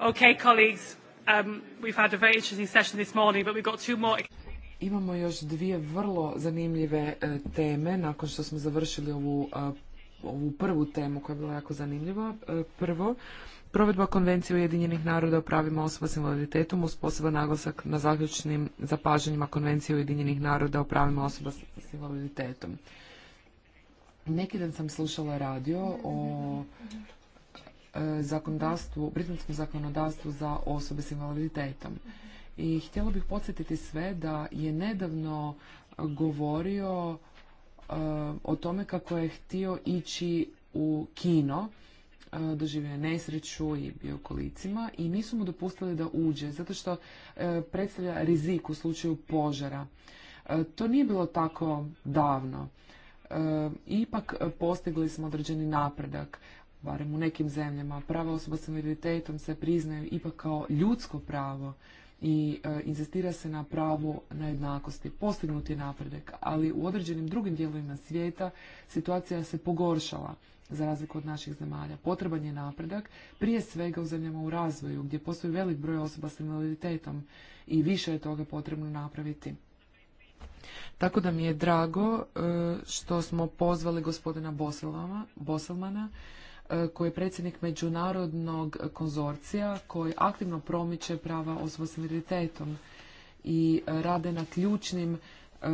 Okay, colleagues, um, we've had a very interesting session this morning, but we've got two more. Imamo još dvije vrlo zanimljive e, teme nakon što smo završili ovu, e, ovu prvu temu koja je bila jako zanimljiva. E, prvo, provedba Konvencije Ujedinjenih naroda o pravima osoba s invaliditetom uz poseban naglasak na zaključnim zapažanjima Konvencije Ujedinjenih naroda o pravima osoba s invaliditetom. Neki dan sam slušala radio o e, zakonodavstvu, britanskom zakonodavstvu za osobe s invaliditetom. I htjela bih podsjetiti sve da je nedavno govorio e, o tome kako je htio ići u kino, e, doživio je nesreću i bio u kolicima i nisu mu dopustili da uđe zato što predstavlja rizik u slučaju požara. To nije bilo tako davno. E, ipak postigli smo određeni napredak, barem u nekim zemljama. Prava osoba s invaliditetom se priznaju ipak kao ljudsko pravo i e, inzistira se na pravu na jednakosti. Postignut je napredak, ali u određenim drugim dijelovima svijeta situacija se pogoršala za razliku od naših zemalja. Potreban je napredak, prije svega u zemljama u razvoju, gdje postoji velik broj osoba s invaliditetom i više je toga potrebno napraviti. Tako da mi je drago e, što smo pozvali gospodina Boselmana, e, koji je predsjednik međunarodnog konzorcija koji aktivno promiče prava osoba s invaliditetom i rade na ključnim e,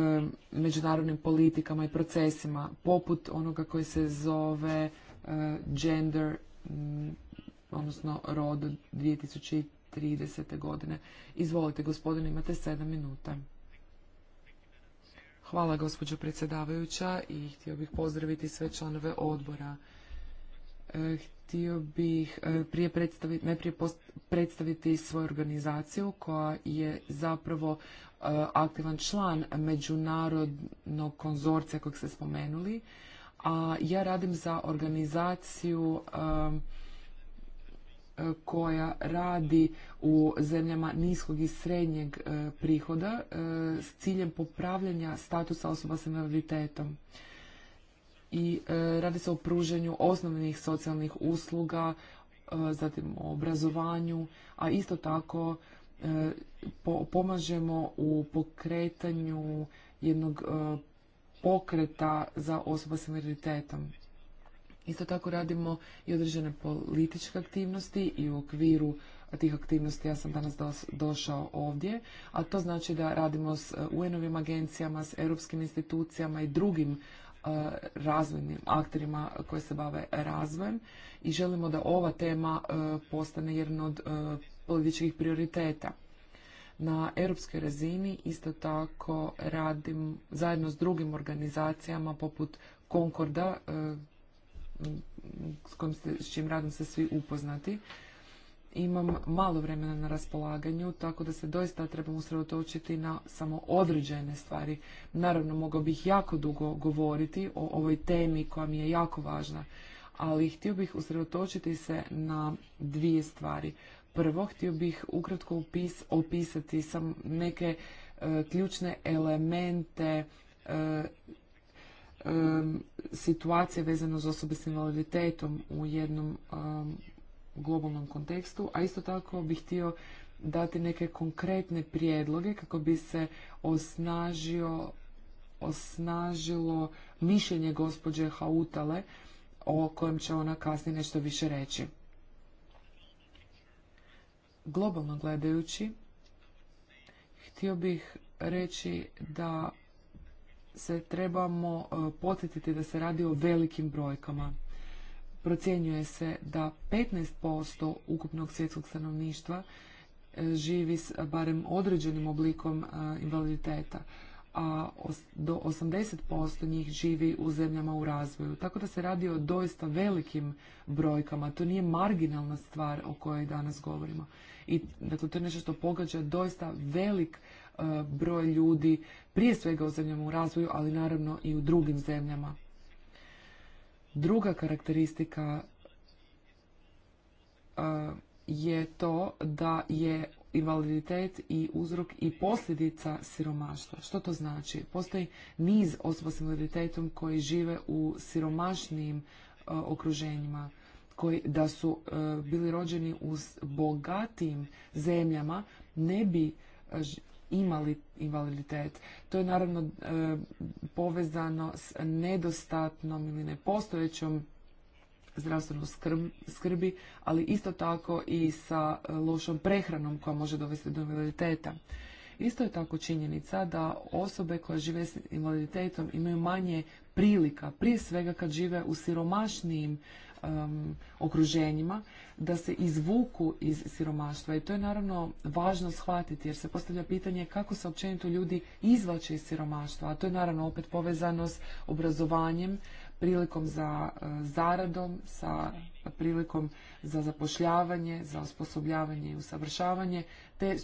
međunarodnim politikama i procesima, poput onoga koji se zove gender, odnosno rod 2030. godine. Izvolite, gospodine, imate sedam minuta. Hvala gospođo predsjedavajuća i htio bih pozdraviti sve članove odbora. E, htio bih e, prije predstaviti, najprije predstaviti svoju organizaciju koja je zapravo e, aktivan član međunarodnog konzorcija kojeg ste spomenuli, a ja radim za organizaciju koja radi u zemljama niskog i srednjeg e, prihoda e, s ciljem popravljanja statusa osoba s invaliditetom. I e, radi se o pruženju osnovnih socijalnih usluga, zatim o obrazovanju, a isto tako pomažemo u pokretanju jednog pokreta za osoba s invaliditetom. Isto tako radimo i određene političke aktivnosti i u okviru tih aktivnosti ja sam danas došao ovdje, a to znači da radimo s UN-ovim agencijama, s europskim institucijama i drugim e, razvojnim akterima koji se bave razvojem i želimo da ova tema e, postane jedna od e, političkih prioriteta. Na europskoj razini isto tako radim zajedno s drugim organizacijama poput Konkorda s, kojim čim radom se svi upoznati. Imam malo vremena na raspolaganju, tako da se doista trebam usredotočiti na samo određene stvari. Naravno, mogao bih jako dugo govoriti o ovoj temi koja mi je jako važna, ali htio bih usredotočiti se na dvije stvari. Prvo, htio bih ukratko opisati sam neke e, ključne elemente e, situacije vezano za osobe s invaliditetom u jednom globalnom kontekstu, a isto tako bih htio dati neke konkretne prijedloge kako bi se osnažio, osnažilo mišljenje gospođe Hautale o kojem će ona kasnije nešto više reći. Globalno gledajući, htio bih reći da se trebamo e, podsjetiti da se radi o velikim brojkama. Procjenjuje se da 15% ukupnog svjetskog stanovništva e, živi s barem određenim oblikom e, invaliditeta, a do 80% njih živi u zemljama u razvoju. Tako da se radi o doista velikim brojkama. To nije marginalna stvar o kojoj danas govorimo. I, dakle, to je nešto što pogađa doista velik E, broj ljudi, prije svega u zemljama u razvoju, ali naravno i u drugim zemljama. Druga karakteristika e, je to da je invaliditet i uzrok i posljedica siromaštva. Što to znači? Postoji niz osoba s invaliditetom koji žive u siromašnijim e, okruženjima, koji da su bili rođeni u bogatim zemljama ne bi imali invaliditet. To je naravno e, povezano s nedostatnom ili nepostojećom zdravstvenom skrbi, ali isto tako i sa e, lošom prehranom koja može dovesti do invaliditeta. Isto je tako činjenica da osobe koje žive s invaliditetom imaju manje prilika, prije svega kad žive u siromašnijim okruženjima, da se izvuku iz siromaštva. I to je naravno važno shvatiti jer se postavlja pitanje kako se općenito ljudi izvlače iz siromaštva. A to je naravno opet povezano s obrazovanjem, prilikom za e, zaradom, sa prilikom za zapošljavanje, za osposobljavanje i usavršavanje, te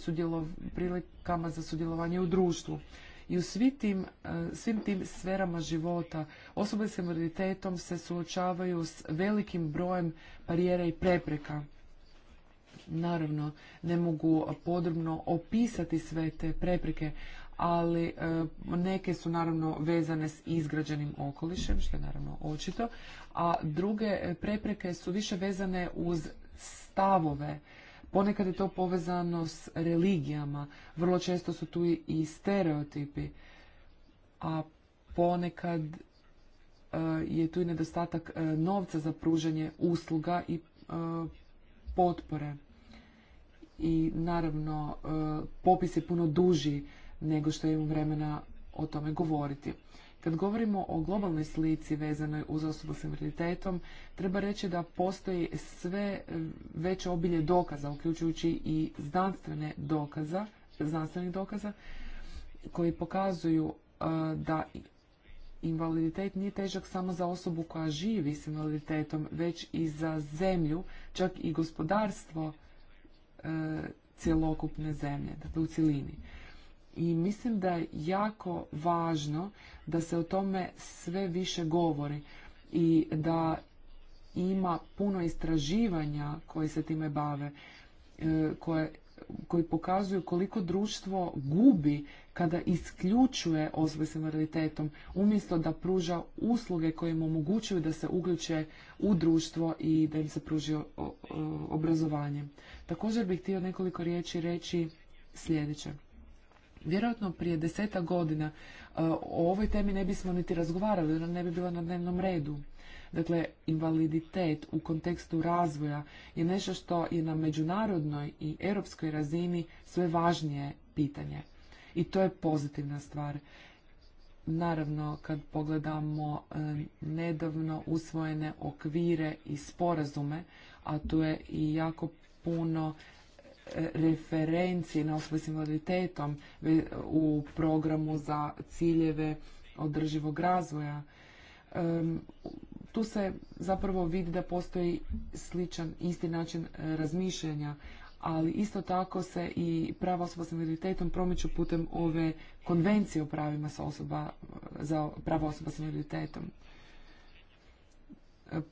prilikama za sudjelovanje u društvu. I u e, svim tim sferama života osobe s invaliditetom se suočavaju s velikim brojem barijera i prepreka. Naravno, ne mogu podrobno opisati sve te prepreke, ali e, neke su naravno vezane s izgrađenim okolišem, što je naravno očito, a druge e, prepreke su više vezane uz stavove. Ponekad je to povezano s religijama, vrlo često su tu i stereotipi, a ponekad e, je tu i nedostatak novca za pružanje usluga i potpore. I naravno, popis je puno duži nego što imam vremena o tome govoriti. Kad govorimo o globalnoj slici vezanoj uz osobu s invaliditetom, treba reći da postoji sve veće obilje dokaza, uključujući i znanstvene dokaza, znanstvenih dokaza, koji pokazuju uh, da invaliditet nije težak samo za osobu koja živi s invaliditetom, već i za zemlju, čak i gospodarstvo uh, cjelokupne zemlje, dakle u cjelini i mislim da je jako važno da se o tome sve više govori i da ima puno istraživanja koje se time bave, e, koje, koji pokazuju koliko društvo gubi kada isključuje osobe s invaliditetom, umjesto da pruža usluge koje im omogućuju da se uključe u društvo i da im se pruži obrazovanje. Također bih htio nekoliko riječi reći sljedeće. Vjerojatno prije deseta godina e, o ovoj temi ne bismo niti razgovarali, ona ne bi bila na dnevnom redu. Dakle, invaliditet u kontekstu razvoja je nešto što je na međunarodnoj i europskoj razini sve važnije pitanje. I to je pozitivna stvar. Naravno, kad pogledamo e, nedavno usvojene okvire i sporazume, a tu je i jako puno referenci na osobe s invaliditetom u programu za ciljeve održivog razvoja. Tu se zapravo vidi da postoji sličan, isti način e, razmišljanja, ali isto tako se i prava osoba s invaliditetom promiču putem ove konvencije o pravima za prava osoba s invaliditetom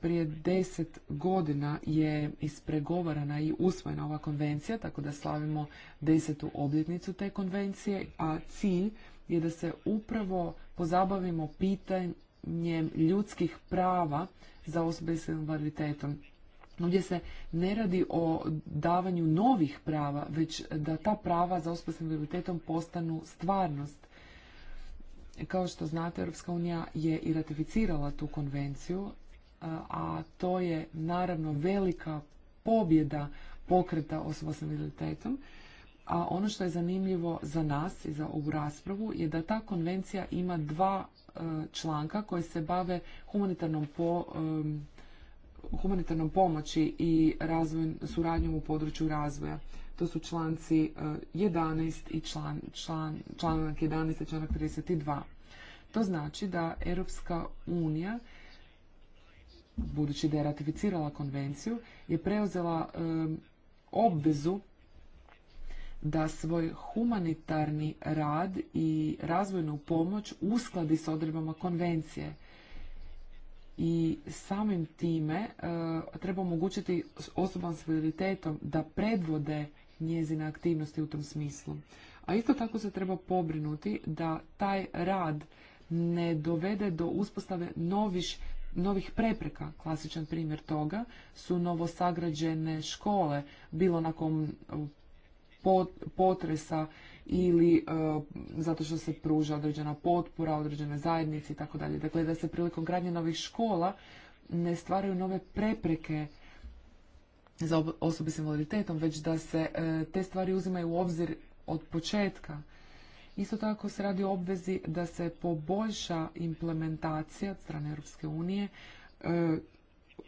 prije deset godina je ispregovarana i usvojena ova konvencija, tako da slavimo desetu obljetnicu te konvencije, a cilj je da se upravo pozabavimo pitanjem ljudskih prava za osobe s invaliditetom. Ovdje se ne radi o davanju novih prava, već da ta prava za osobe s invaliditetom postanu stvarnost. Kao što znate, Europska unija je i ratificirala tu konvenciju E, a to je naravno velika pobjeda pokreta osoba s invaliditetom. A ono što je zanimljivo za nas i za ovu raspravu je da ta konvencija ima dva e, članka koje se bave humanitarnom, e, humanitarnom pomoći i suradnjom u području razvoja. To su članci 11 i članak 11 i članak 32. To znači da Europska unija budući da je ratificirala konvenciju, je preuzela obvezu da svoj humanitarni rad i razvojnu pomoć uskladi s odredbama konvencije. I samim time eh, treba omogućiti osobama s invaliditetom da predvode njezine aktivnosti u tom smislu. A isto tako se treba pobrinuti da taj rad ne dovede do uspostave novih novih prepreka. Klasičan primjer toga su novosagrađene škole, bilo nakon e, potresa ili e, zato što se pruža određena potpora, određene zajednice i tako dalje. Dakle, da se prilikom gradnje novih škola ne stvaraju nove prepreke za osobe s invaliditetom, već da se e, te stvari uzimaju u obzir od početka. Isto tako se radi o obvezi da se poboljša implementacija od strane Europske unije e,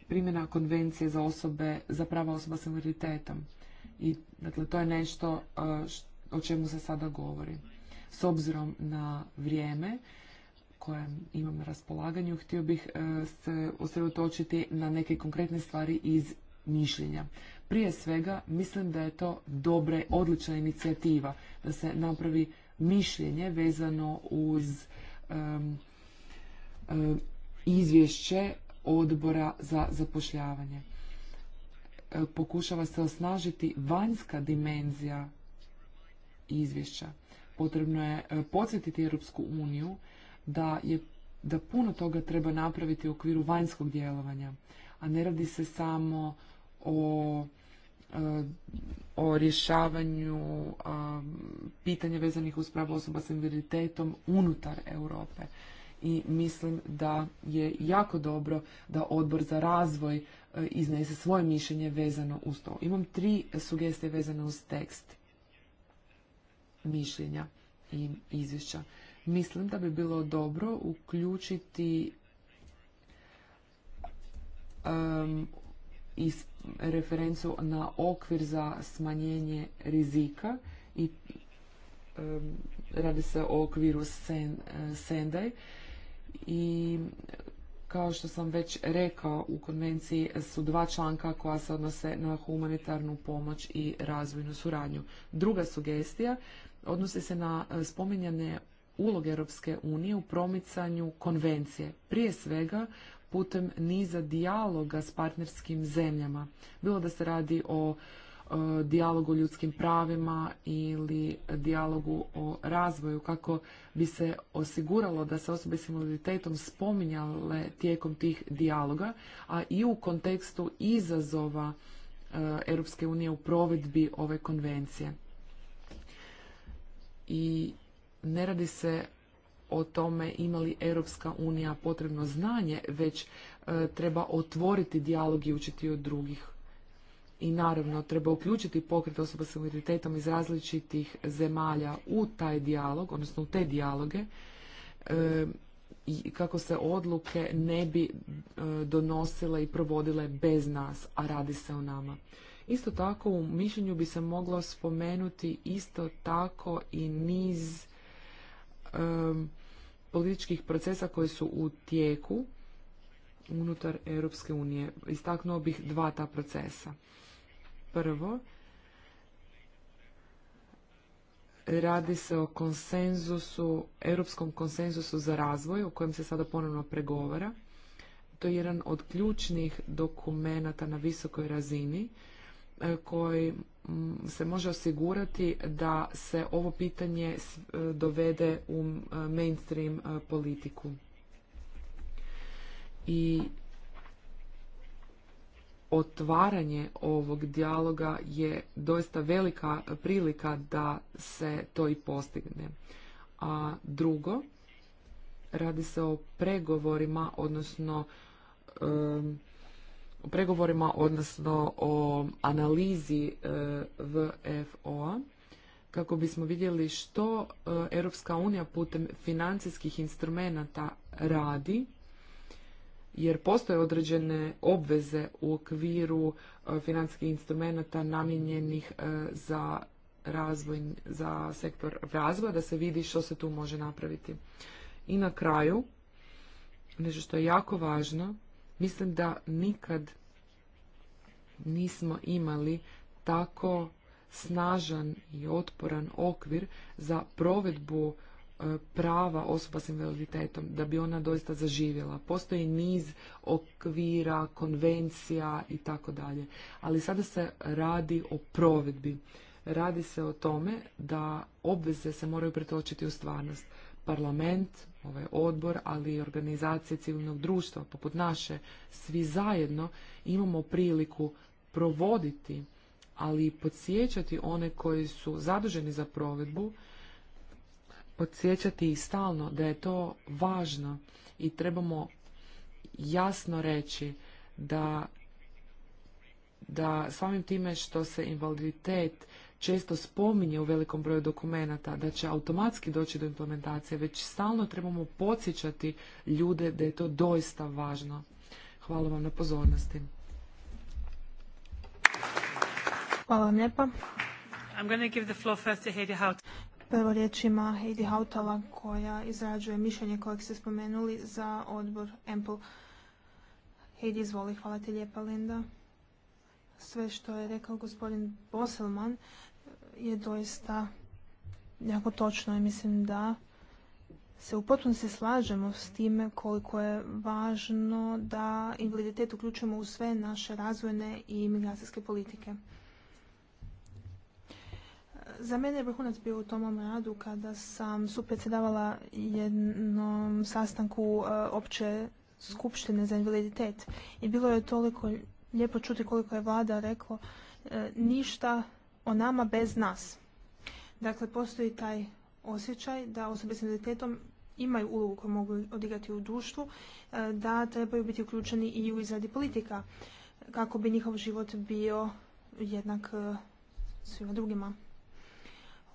primjena konvencije za osobe, za prava osoba s invaliditetom. I dakle, to je nešto e, o čemu se sada govori. S obzirom na vrijeme koje imam na raspolaganju, htio bih e, se osredotočiti na neke konkretne stvari iz mišljenja. Prije svega, mislim da je to dobra, odlična inicijativa da se napravi mišljenje vezano uz izvješće odbora za zapošljavanje. E, pokušava se osnažiti vanjska dimenzija izvješća. Potrebno je e, podsjetiti Europsku uniju da, je, da puno toga treba napraviti u okviru vanjskog djelovanja, a ne radi se samo o o rješavanju um, pitanja vezanih uz pravo osoba s invaliditetom unutar Europe. I mislim da je jako dobro da odbor za razvoj uh, iznese svoje mišljenje vezano uz to. Imam tri sugestije vezane uz tekst mišljenja i izvješća. Mislim da bi bilo dobro uključiti um, i referencu na okvir za smanjenje rizika i radi se o okviru Sendaj i kao što sam već rekao u konvenciji su dva članka koja se odnose na humanitarnu pomoć i razvojnu suradnju. Druga sugestija odnosi se na e, spominjane uloge Europske unije u promicanju konvencije. Prije svega putem niza dijaloga s partnerskim zemljama. Bilo da se radi o e, dijalogu o ljudskim pravima ili dijalogu o razvoju kako bi se osiguralo da se osobe s invaliditetom spominjale tijekom tih dijaloga, a i u kontekstu izazova e, Europske unije u provedbi ove konvencije. I ne radi se o tome imali Europska unija potrebno znanje, već e, treba otvoriti dijalog i učiti od drugih. I naravno, treba uključiti pokret osoba s invaliditetom iz različitih zemalja u taj dijalog, odnosno u te dijaloge, e, i kako se odluke ne bi e, donosile i provodile bez nas, a radi se o nama. Isto tako u mišljenju bi se moglo spomenuti isto tako i niz političkih procesa koji su u tijeku unutar Europske unije. Istaknuo bih dva ta procesa. Prvo, radi se o konsenzusu, europskom konsenzusu za razvoj o kojem se sada ponovno pregovara. To je jedan od ključnih dokumenata na visokoj razini E, koji mm, se može osigurati da se ovo pitanje e, dovede u e, mainstream politiku. I otvaranje ovog dijaloga je doista velika prilika da se to i postigne. A drugo, radi se o pregovorima, odnosno pregovorima, odnosno o analizi eh, VFO-a kako bismo vidjeli što eh, Europska unija putem financijskih instrumenata radi, jer postoje određene obveze u okviru eh, financijskih instrumenata namijenjenih za razvoj, za sektor razvoja, da se vidi što se tu može napraviti. I na kraju, nešto što je jako važno, Mislim da nikad nismo imali tako snažan i otporan okvir za provedbu e, prava osoba s invaliditetom, da bi ona doista zaživjela. Postoji niz okvira, konvencija i tako dalje. Ali sada se radi o provedbi. Radi se o tome da obveze se moraju pretočiti u stvarnost parlament, ovaj odbor, ali i organizacije civilnog društva poput naše, svi zajedno imamo priliku provoditi, ali i podsjećati one koji su zaduženi za provedbu, podsjećati ih stalno da je to važno i trebamo jasno reći da da samim time što se invaliditet često spominje u velikom broju dokumenata da će automatski doći do implementacije, već stalno trebamo podsjećati ljude da je to doista važno. Hvala vam na pozornosti. Hvala vam lijepa. Prvo riječ ima Heidi Hautala koja izrađuje mišljenje kojeg ste spomenuli za odbor mpl Heidi, izvoli, hvala ti lijepa Linda. Sve što je rekao gospodin Boselman je doista jako točno i mislim da se u potpunosti slažemo s time koliko je važno da invaliditet uključimo u sve naše razvojne i migracijske politike. Za mene je vrhunac bio u tom radu kada sam supredsjedavala jednom sastanku e, opće skupštine za invaliditet i bilo je toliko lijepo čuti koliko je vlada reklo e, ništa o nama bez nas. Dakle, postoji taj osjećaj da osobe s invaliditetom imaju ulogu koju mogu odigrati u društvu, e, da trebaju biti uključeni i u izradi politika kako bi njihov život bio jednak e, svima drugima.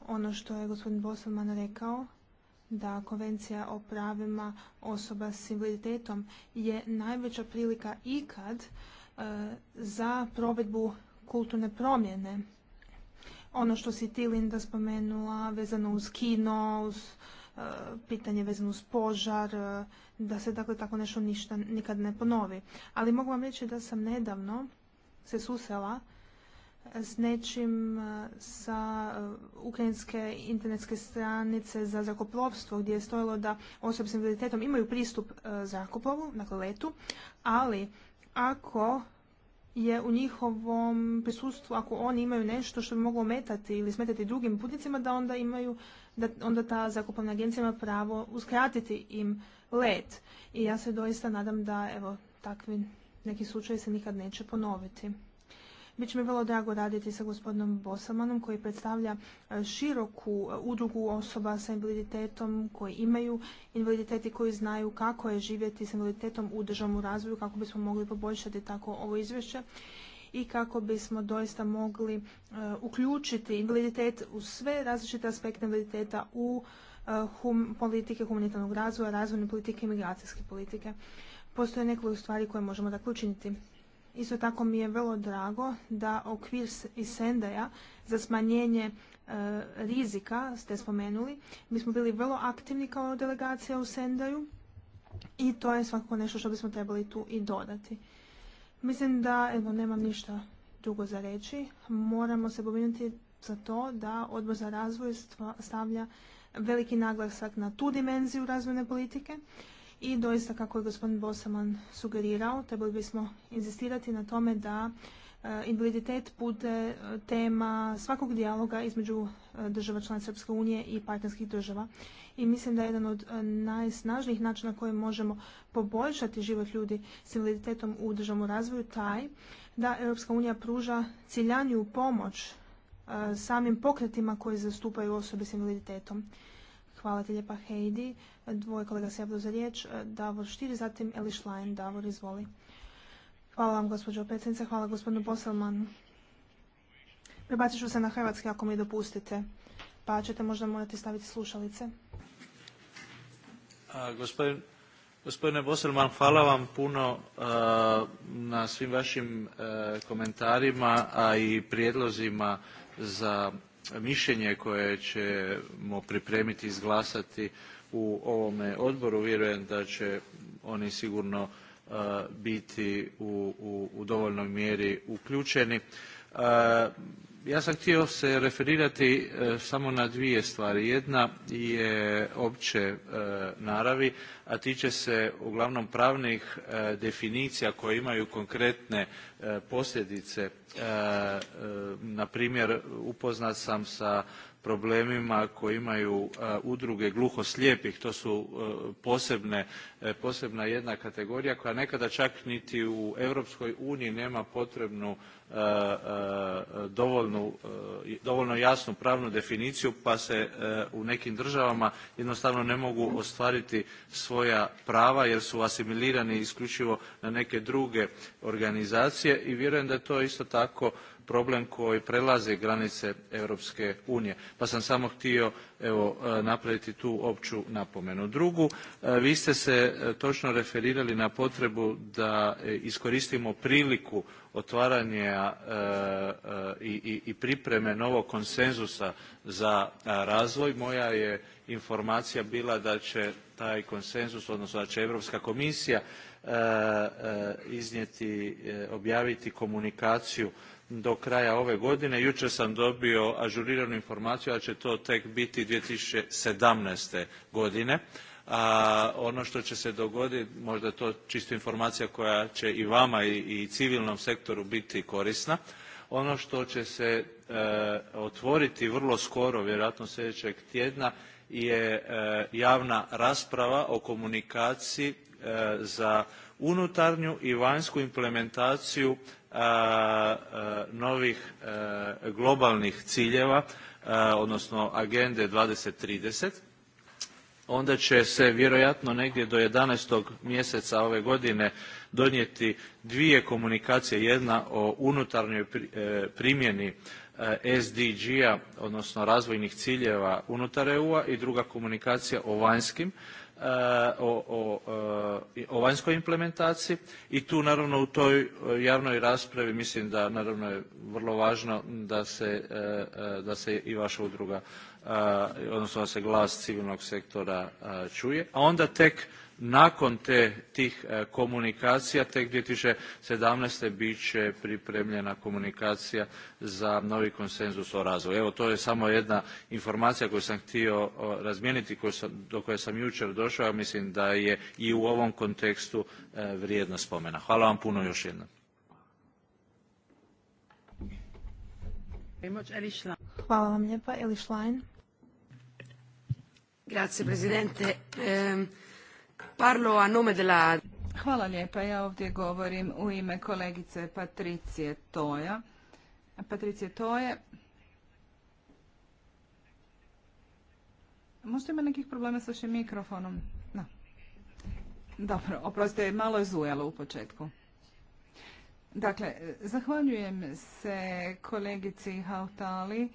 Ono što je gospodin Bosman rekao, da konvencija o pravima osoba s invaliditetom je najveća prilika ikad e, za provedbu kulturne promjene ono što si ti Linda spomenula vezano uz kino, uz e, pitanje vezano uz požar, e, da se dakle tako nešto ništa nikad ne ponovi. Ali mogu vam reći da sam nedavno se susela s nečim e, sa ukrajinske internetske stranice za zrakoplovstvo gdje je stojilo da osobe s invaliditetom imaju pristup zrakoplovu, dakle letu, ali ako je u njihovom prisustvu, ako oni imaju nešto što bi moglo ometati ili smetati drugim putnicima, da onda imaju, da onda ta zakupovna agencija ima pravo uskratiti im let. I ja se doista nadam da evo takvi neki slučajevi se nikad neće ponoviti. Bit mi vrlo drago raditi sa gospodinom Bosamanom koji predstavlja e, široku e, udrugu osoba sa invaliditetom koji imaju invaliditet i koji znaju kako je živjeti sa invaliditetom u državnom razvoju kako bismo mogli poboljšati tako ovo izvješće i kako bismo doista mogli e, uključiti invaliditet u sve različite aspekte invaliditeta u politike humanitarnog razvoja, razvojne politike i migracijske politike. Postoje nekoliko stvari koje možemo dakle učiniti. Isto tako mi je vrlo drago da okvir iz Sendaja za smanjenje e, rizika, ste spomenuli, mi smo bili vrlo aktivni kao delegacija u Sendaju i to je svakako nešto što bismo trebali tu i dodati. Mislim da, evo, nemam ništa drugo za reći. Moramo se pobrinuti za to da odbor za razvoj stavlja veliki naglasak na tu dimenziju razvojne politike i doista kako je gospodin Bosaman sugerirao, trebali bismo inzistirati na tome da e, invaliditet bude e, tema svakog dijaloga između e, država članica Srpske unije i partnerskih država. I mislim da je jedan od najsnažnijih načina koji možemo poboljšati život ljudi s invaliditetom u državnom razvoju taj da Europska unija pruža ciljanju pomoć samim pokretima koji zastupaju osobe s invaliditetom. Hvala ti lijepa Heidi. Dvoje kolega se javljaju za riječ. E, Davor Štiri, zatim Eli Schlein. Davor, izvoli. Hvala vam, gospođo predsjednice. Hvala, gospodinu Boselmanu. Prebacit ću se na hrvatski ako mi dopustite, pa ćete možda morati staviti slušalice. gospodine Boselman, hvala vam puno e, na svim vašim e, komentarima, a i prijedlozima za mišljenje koje ćemo pripremiti i izglasati u ovome odboru. Vjerujem da će oni sigurno uh, biti u, u, dovoljnoj mjeri uključeni. Uh, ja sam htio se referirati uh, samo na dvije stvari. Jedna je opće naravi, a tiče se uglavnom pravnih definicija koje imaju konkretne posljedice. Na primjer, upoznat sam sa problemima koje imaju e, udruge gluhoslijepih. To su e, e, posebna jedna kategorija koja nekada čak niti u Europskoj uniji nema potrebnu dovoljno jasnu pravnu definiciju pa se u nekim državama jednostavno ne mogu ostvariti svoja prava jer su asimilirani isključivo na neke druge organizacije i vjerujem da je to isto tako problem koji prelazi granice Europske unije. Pa sam samo htio evo, e, napraviti tu opću napomenu. Drugu, e, vi ste se e, točno referirali na potrebu da iskoristimo priliku otvaranja i pripreme novog konsenzusa za razvoj. Moja je informacija bila da će taj konsenzus, odnosno da će Europska komisija iznijeti, objaviti komunikaciju do kraja ove godine. Jučer sam dobio ažuriranu informaciju da će to tek biti 2017. godine. A ono što će se dogoditi, možda to čisto informacija koja će i vama i, civilnom sektoru biti korisna, ono što će se e, otvoriti vrlo skoro, vjerojatno sljedećeg tjedna, je e, javna rasprava o komunikaciji e, za unutarnju i vanjsku implementaciju novih globalnih ciljeva, odnosno agende 2030, onda će se vjerojatno negdje do 11. mjeseca ove godine donijeti dvije komunikacije, jedna o unutarnjoj e, primjeni e, SDG-a, odnosno razvojnih ciljeva unutar EU-a i druga komunikacija o vanjskim Eh, eh, o, vanjskoj implementaciji i tu naravno u toj eh, javnoj raspravi mislim da naravno je vrlo važno da se, da se i vaša udruga odnosno da se glas civilnog sektora čuje, a onda tek nakon tih e, komunikacija tek 2017. bit će pripremljena komunikacija za novi konsenzus o razvoju. Evo, to je samo jedna informacija koju sam htio razmijeniti, do koje sam jučer došao, a mislim da je i u ovom kontekstu e, vrijedna spomena. Hvala vam puno jo jednom. Hvala vam lijepa. Parlo a nome della... Hvala lijepa. Ja ovdje govorim u ime kolegice Patricije Toja. Patricije Toje, Možda ima nekih problema s vašim mikrofonom? No. Dobro, oprostite, malo je zujalo u početku. Dakle, zahvaljujem se kolegici Hautali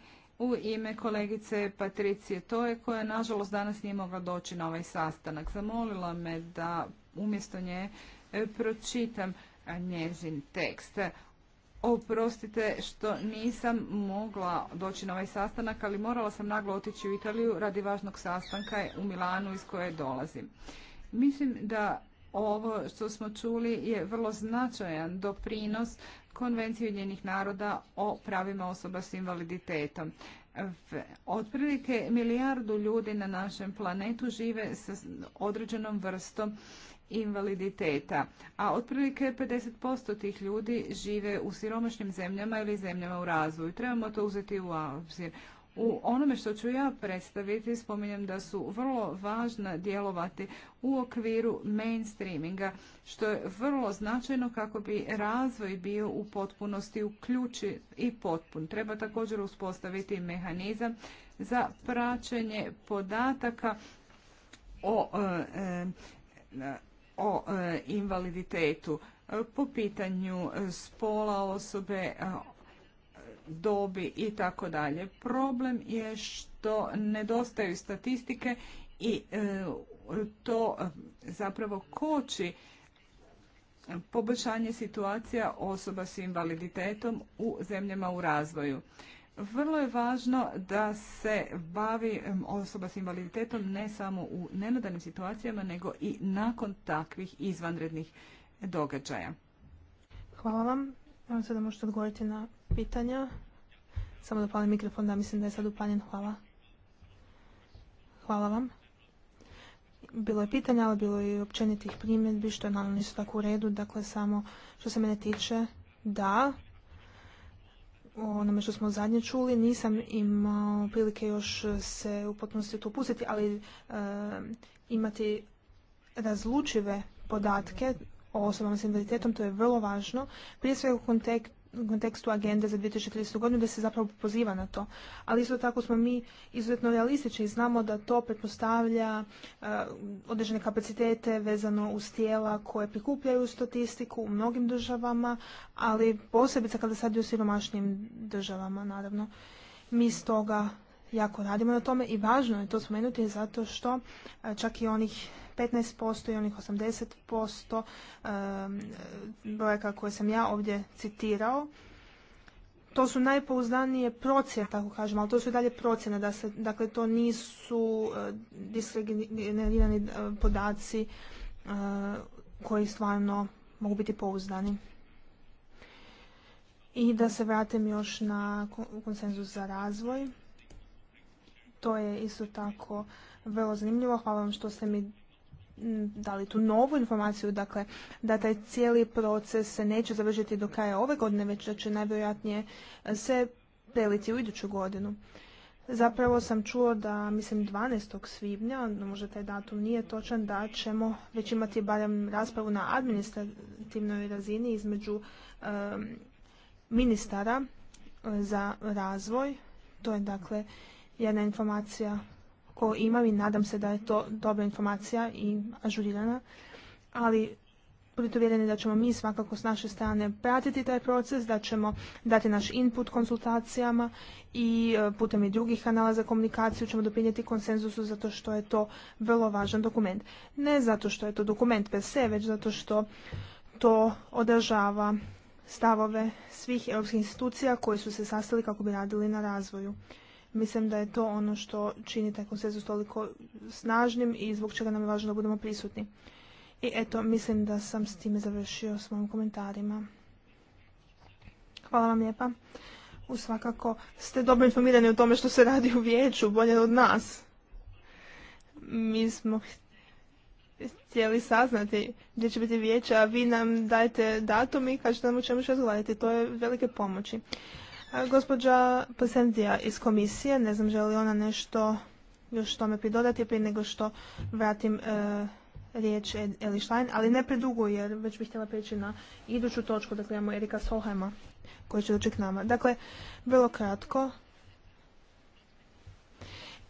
u ime kolegice Patricije Toje koja nažalost danas nije mogla doći na ovaj sastanak. Zamolila me da umjesto nje e, pročitam e, njezin tekst. Oprostite što nisam mogla doći na ovaj sastanak, ali morala sam naglo otići u Italiju radi važnog sastanka u Milanu iz koje dolazim. Mislim da ovo što smo čuli je vrlo značajan doprinos konvenciju Ujedinjenih naroda o pravima osoba s invaliditetom. Otprilike milijardu ljudi na našem planetu žive sa određenom vrstom invaliditeta, a otprilike 50% tih ljudi žive u siromašnim zemljama ili zemljama u razvoju. Trebamo to uzeti u obzir. U onome što ću ja predstaviti spominjem da su vrlo važna djelovati u okviru mainstreaminga, što je vrlo značajno kako bi razvoj bio u potpunosti uključiv i potpun. Treba također uspostaviti mehanizam za praćenje podataka o, e, e, o e, invaliditetu po pitanju spola osobe, dobi i tako dalje. Problem je što nedostaju statistike i e, to e, zapravo koči poboljšanje situacija osoba s invaliditetom u zemljama u razvoju. Vrlo je važno da se bavi e, osoba s invaliditetom ne samo u nenadanim situacijama, nego i nakon takvih izvanrednih događaja. Hvala vam. sada možete odgovoriti na pitanja? Samo da palim mikrofon, da mislim da je sad upaljen. Hvala. Hvala vam. Bilo je pitanja, ali bilo je i općenitih primjedbi, što je naravno isto tako u redu. Dakle, samo što se mene tiče, da, o onome što smo zadnje čuli, nisam imao prilike još se u potpunosti to upustiti, ali eh, imati razlučive podatke o osobama s invaliditetom, to je vrlo važno. Prije svega u kontekstu kontekstu agende za 2030. godinu da se zapravo poziva na to. Ali isto tako smo mi izuzetno realistični i znamo da to pretpostavlja e, određene kapacitete vezano uz tijela koje prikupljaju statistiku u mnogim državama, ali posebice kada sad radi o siromašnijim državama, naravno. Mi toga jako radimo na tome i važno je to spomenuti zato što e, čak i onih 15% i onih 80% brojaka koje sam ja ovdje citirao, to su najpouzdanije procjene, tako kažem, ali to su i dalje procjene, da se, dakle to nisu e, disregnerirani e, podaci koji stvarno mogu biti pouzdani. I da se vratim još na konsenzus za razvoj. To je isto tako vrlo zanimljivo. Hvala vam što ste mi dali tu novu informaciju, dakle, da taj cijeli proces se neće završiti do kraja ove godine, već da će najvjerojatnije se preliti u iduću godinu. Zapravo sam čuo da, mislim, 12. svibnja, možda taj datum nije točan, da ćemo već imati barem raspravu na administrativnoj razini između ministara e, za razvoj. To je, dakle, jedna informacija koju imam i nadam se da je to dobra informacija i ažurirana, ali budite uvjereni da ćemo mi svakako s naše strane pratiti taj proces, da ćemo dati naš input konsultacijama i e, putem i drugih kanala za komunikaciju ćemo doprinijeti konsenzusu zato što je to vrlo važan dokument. Ne zato što je to dokument per se, već zato što to održava stavove svih europskih institucija koji su se sastali kako bi radili na razvoju. Mislim da je to ono što čini taj konsenzus toliko snažnim i zbog čega nam je važno da budemo prisutni. I eto, mislim da sam s time završio s mojim komentarima. Hvala vam lijepa. U svakako ste dobro informirani o tome što se radi u vijeću, bolje od nas. Mi smo htjeli saznati gdje će biti vijeća, a vi nam dajte datum i kažete nam u čemu će razgovarati. To je velike pomoći. Gospođa Pesendija iz komisije, ne znam želi ona nešto još tome pridodati prije nego što vratim e, riječ Eli Schlein, ali ne predugo jer već bih htjela prijeći na iduću točku, dakle imamo Erika Solheima koji će doći k nama. Dakle, vrlo kratko,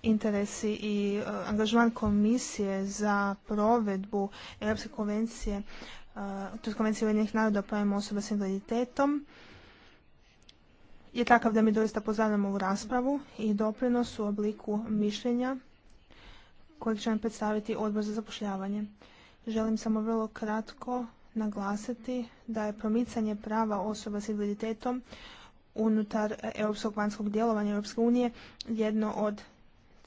interesi i e, angažman komisije za provedbu Europske konvencije, e, to je konvencija Ujedinjenih naroda pravima osoba s invaliditetom, je takav da mi doista pozdravljam ovu raspravu i doprinos u obliku mišljenja kojeg će vam predstaviti odbor za zapošljavanje. Želim samo vrlo kratko naglasiti da je promicanje prava osoba s invaliditetom unutar europskog vanjskog djelovanja Europske unije jedno od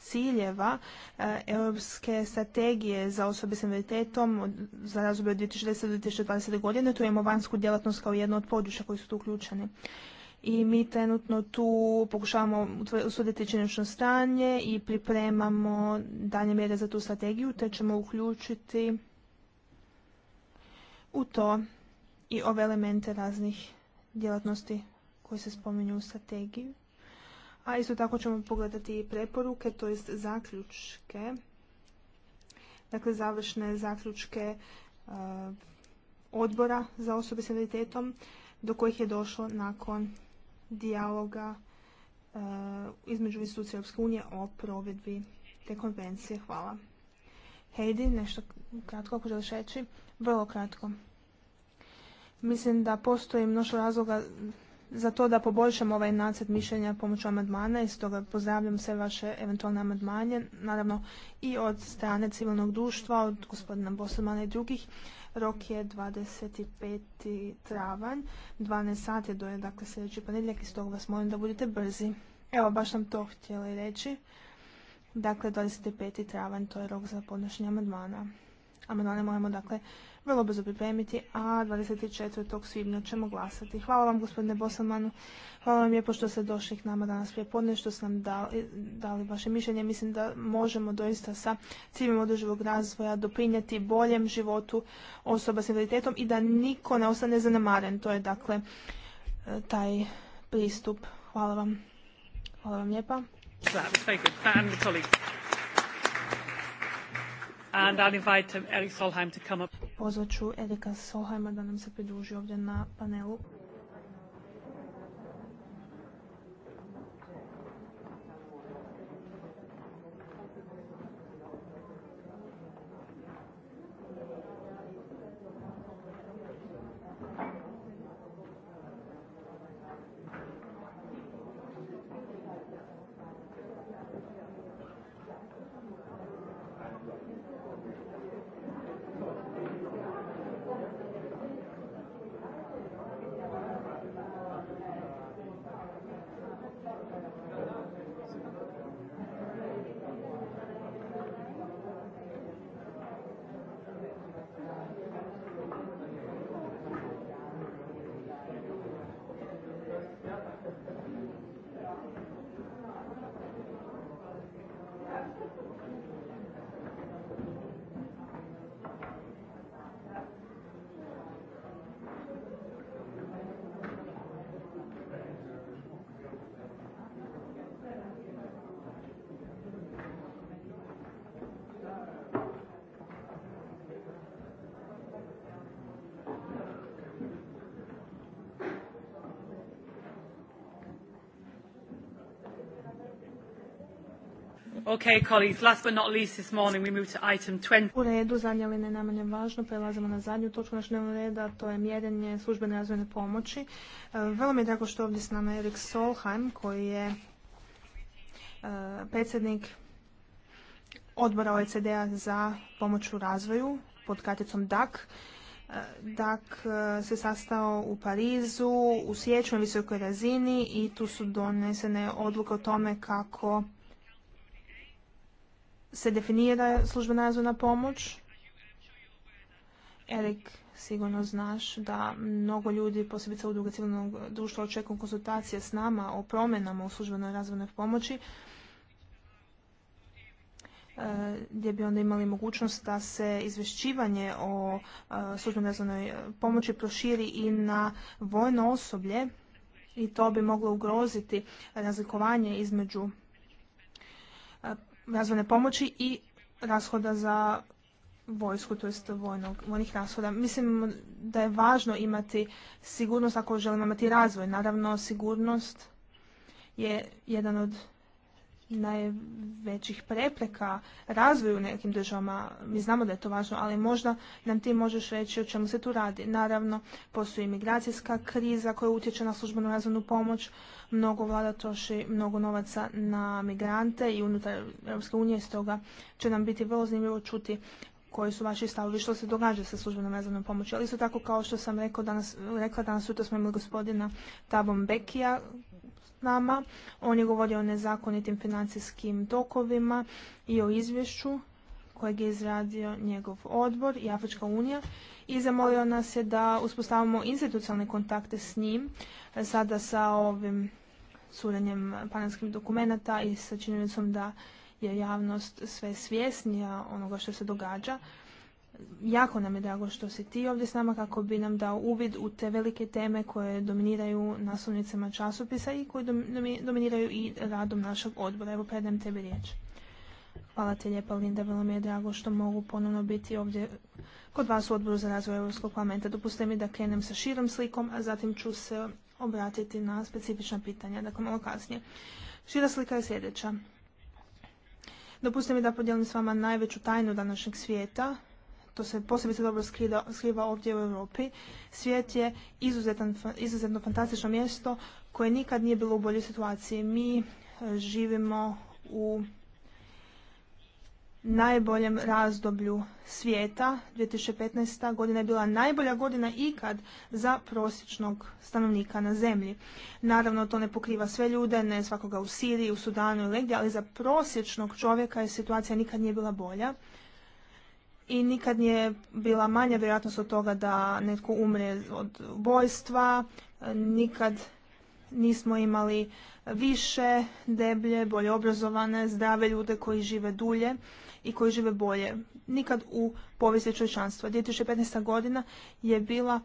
ciljeva e, Europske strategije za osobe s invaliditetom za razdoblje od 2010. do 2020. godine. Tu imamo vanjsku djelatnost kao jedno od područja koji su tu uključeni i mi trenutno tu pokušavamo usuditi činjenično stanje i pripremamo dalje mjere za tu strategiju, te ćemo uključiti u to i ove elemente raznih djelatnosti koje se spominju u strategiji. A isto tako ćemo pogledati i preporuke, to jest zaključke, dakle završne zaključke e, odbora za osobe s invaliditetom do kojih je došlo nakon dijaloga uh, između institucija Europske unije o provedbi te konvencije. Hvala. Heidi, nešto kratko ako želiš reći? Vrlo kratko. Mislim da postoji mnoštvo razloga za to da poboljšamo ovaj nacrt mišljenja pomoću amandmana i stoga pozdravljam sve vaše eventualne amandmane, naravno i od strane civilnog društva, od gospodina Bosemana i drugih. Rok je 25. travanj, 12 sati do je dakle sljedeći ponedjeljak i stoga vas molim da budete brzi. Evo, baš sam to htjela reći. Dakle, 25. travanj, to je rok za podnošenje amandmana. Amandmane moramo dakle vrlo brzo pripremiti, a 24. svibnja ćemo glasati. Hvala vam gospodine Bosanmanu, hvala vam lijepo što ste došli k nama danas prije podne, što ste nam dali, vaše mišljenje. Mislim da možemo doista sa ciljem održivog razvoja doprinijeti boljem životu osoba s invaliditetom i da niko ne ostane zanemaren. To je dakle e, taj pristup. Hvala vam. Hvala vam lijepa. And invite um, Pozvat ću Erika Solheima da nam se pridruži ovdje na panelu. Okay, U redu, zadnje ali ne najmanje važno, prelazimo na zadnju točku našeg dnevnog reda, to je mjerenje službene razvojne pomoći. E, vrlo mi je drago što ovdje s nama Erik Solheim, koji je e, predsjednik odbora OECD-a za pomoć u razvoju pod katicom DAC. E, DAC se sastao u Parizu u sjećnoj visokoj razini i tu su donesene odluke o tome kako se definira službena razvojna pomoć. Erik, sigurno znaš da mnogo ljudi, posebice udruga civilnog društva, očekuju konsultacije s nama o promjenama u službenoj razvojnoj pomoći e, gdje bi onda imali mogućnost da se izvješćivanje o e, službenoj razvojnoj pomoći proširi i na vojno osoblje i to bi moglo ugroziti razlikovanje između e, razvojne pomoći i rashoda za vojsku, to jest vojnog, vojnih rashoda. Mislim da je važno imati sigurnost ako želimo imati razvoj. Naravno, sigurnost je jedan od najvećih prepreka razvoju u nekim državama. Mi znamo da je to važno, ali možda nam ti možeš reći o čemu se tu radi. Naravno, postoji migracijska kriza koja utječe na službenu razvojnu pomoć. Mnogo vlada troši mnogo novaca na migrante i unutar Europske unije, stoga će nam biti vrlo zanimljivo čuti koji su vaši stavovi, što se događa sa službenom razvojnom pomoći. Ali isto tako kao što sam rekao danas, rekla danas, jutro smo imali gospodina Tabom Bekija nama. On je govorio o nezakonitim financijskim tokovima i o izvješću kojeg je izradio njegov odbor i Afrička unija i zamolio nas je da uspostavimo institucionalne kontakte s njim e, sada sa ovim curenjem panelskih dokumenata i sa činjenicom da je javnost sve svjesnija onoga što se događa Jako nam je drago što si ti ovdje s nama kako bi nam dao uvid u te velike teme koje dominiraju naslovnicama časopisa i koje dominiraju i radom našeg odbora. Evo predajem tebi riječ. Hvala ti lijepa Linda, vrlo mi je drago što mogu ponovno biti ovdje kod vas u odboru za razvoj Europskog parlamenta. Dopustite mi da krenem sa širom slikom, a zatim ću se obratiti na specifična pitanja, dakle malo kasnije. Šira slika je sljedeća. Dopustite mi da podijelim s vama najveću tajnu današnjeg svijeta, to se posebice dobro skriva, ovdje u Europi. Svijet je izuzetno fantastično mjesto koje nikad nije bilo u boljoj situaciji. Mi e, živimo u najboljem razdoblju svijeta. 2015. godina je bila najbolja godina ikad za prosječnog stanovnika na zemlji. Naravno, to ne pokriva sve ljude, ne svakoga u Siriji, u Sudanu ili negdje, ali za prosječnog čovjeka je situacija nikad nije bila bolja i nikad nije bila manja vjerojatnost od toga da netko umre od bojstva, nikad nismo imali više, deblje, bolje obrazovane, zdrave ljude koji žive dulje i koji žive bolje. Nikad u povijesti čovječanstva. 2015. godina je bila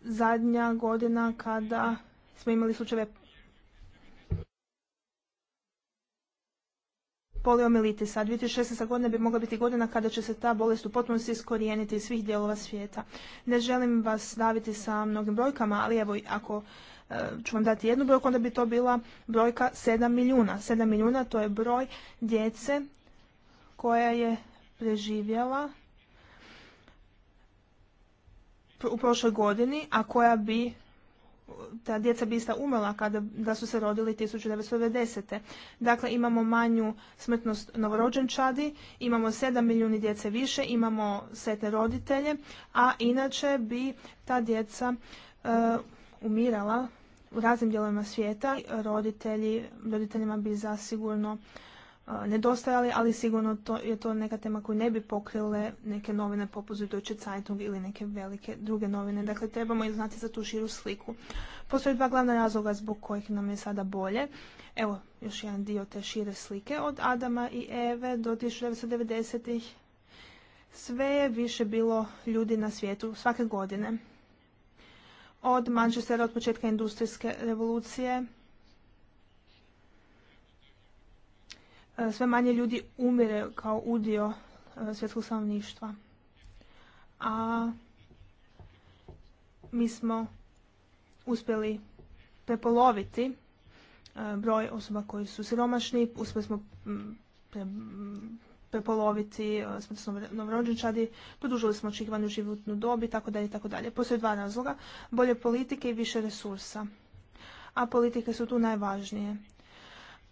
zadnja godina kada smo imali slučajeve tisuće 2016. godine bi mogla biti godina kada će se ta bolest u potpunosti iskorijeniti iz svih dijelova svijeta. Ne želim vas daviti sa mnogim brojkama, ali evo ako e, ću vam dati jednu brojku, onda bi to bila brojka 7 milijuna. 7 milijuna to je broj djece koja je preživjela u prošloj godini, a koja bi ta djeca bi ista umrla kada da su se rodili 1990. Dakle, imamo manju smrtnost novorođenčadi, imamo 7 milijuni djece više, imamo sete roditelje, a inače bi ta djeca eh, umirala u raznim dijelovima svijeta, roditelji, roditeljima bi zasigurno nedostajali, ali sigurno to, je to neka tema koju ne bi pokrile neke novine poput Deutsche Zeitung ili neke velike druge novine. Dakle, trebamo znati za tu širu sliku. Postoje dva glavna razloga zbog kojih nam je sada bolje. Evo, još jedan dio te šire slike. Od Adama i Eve do 1990-ih sve je više bilo ljudi na svijetu svake godine. Od Manchestera, od početka industrijske revolucije, E, sve manje ljudi umire kao udio e, svjetskog stanovništva. A mi smo uspjeli prepoloviti e, broj osoba koji su siromašni, uspjeli smo prepoloviti smrtno novorođenčadi, produžili smo očekivanu životnu dobi, tako dalje, tako dalje. Postoje dva razloga, bolje politike i više resursa. A politike su tu najvažnije.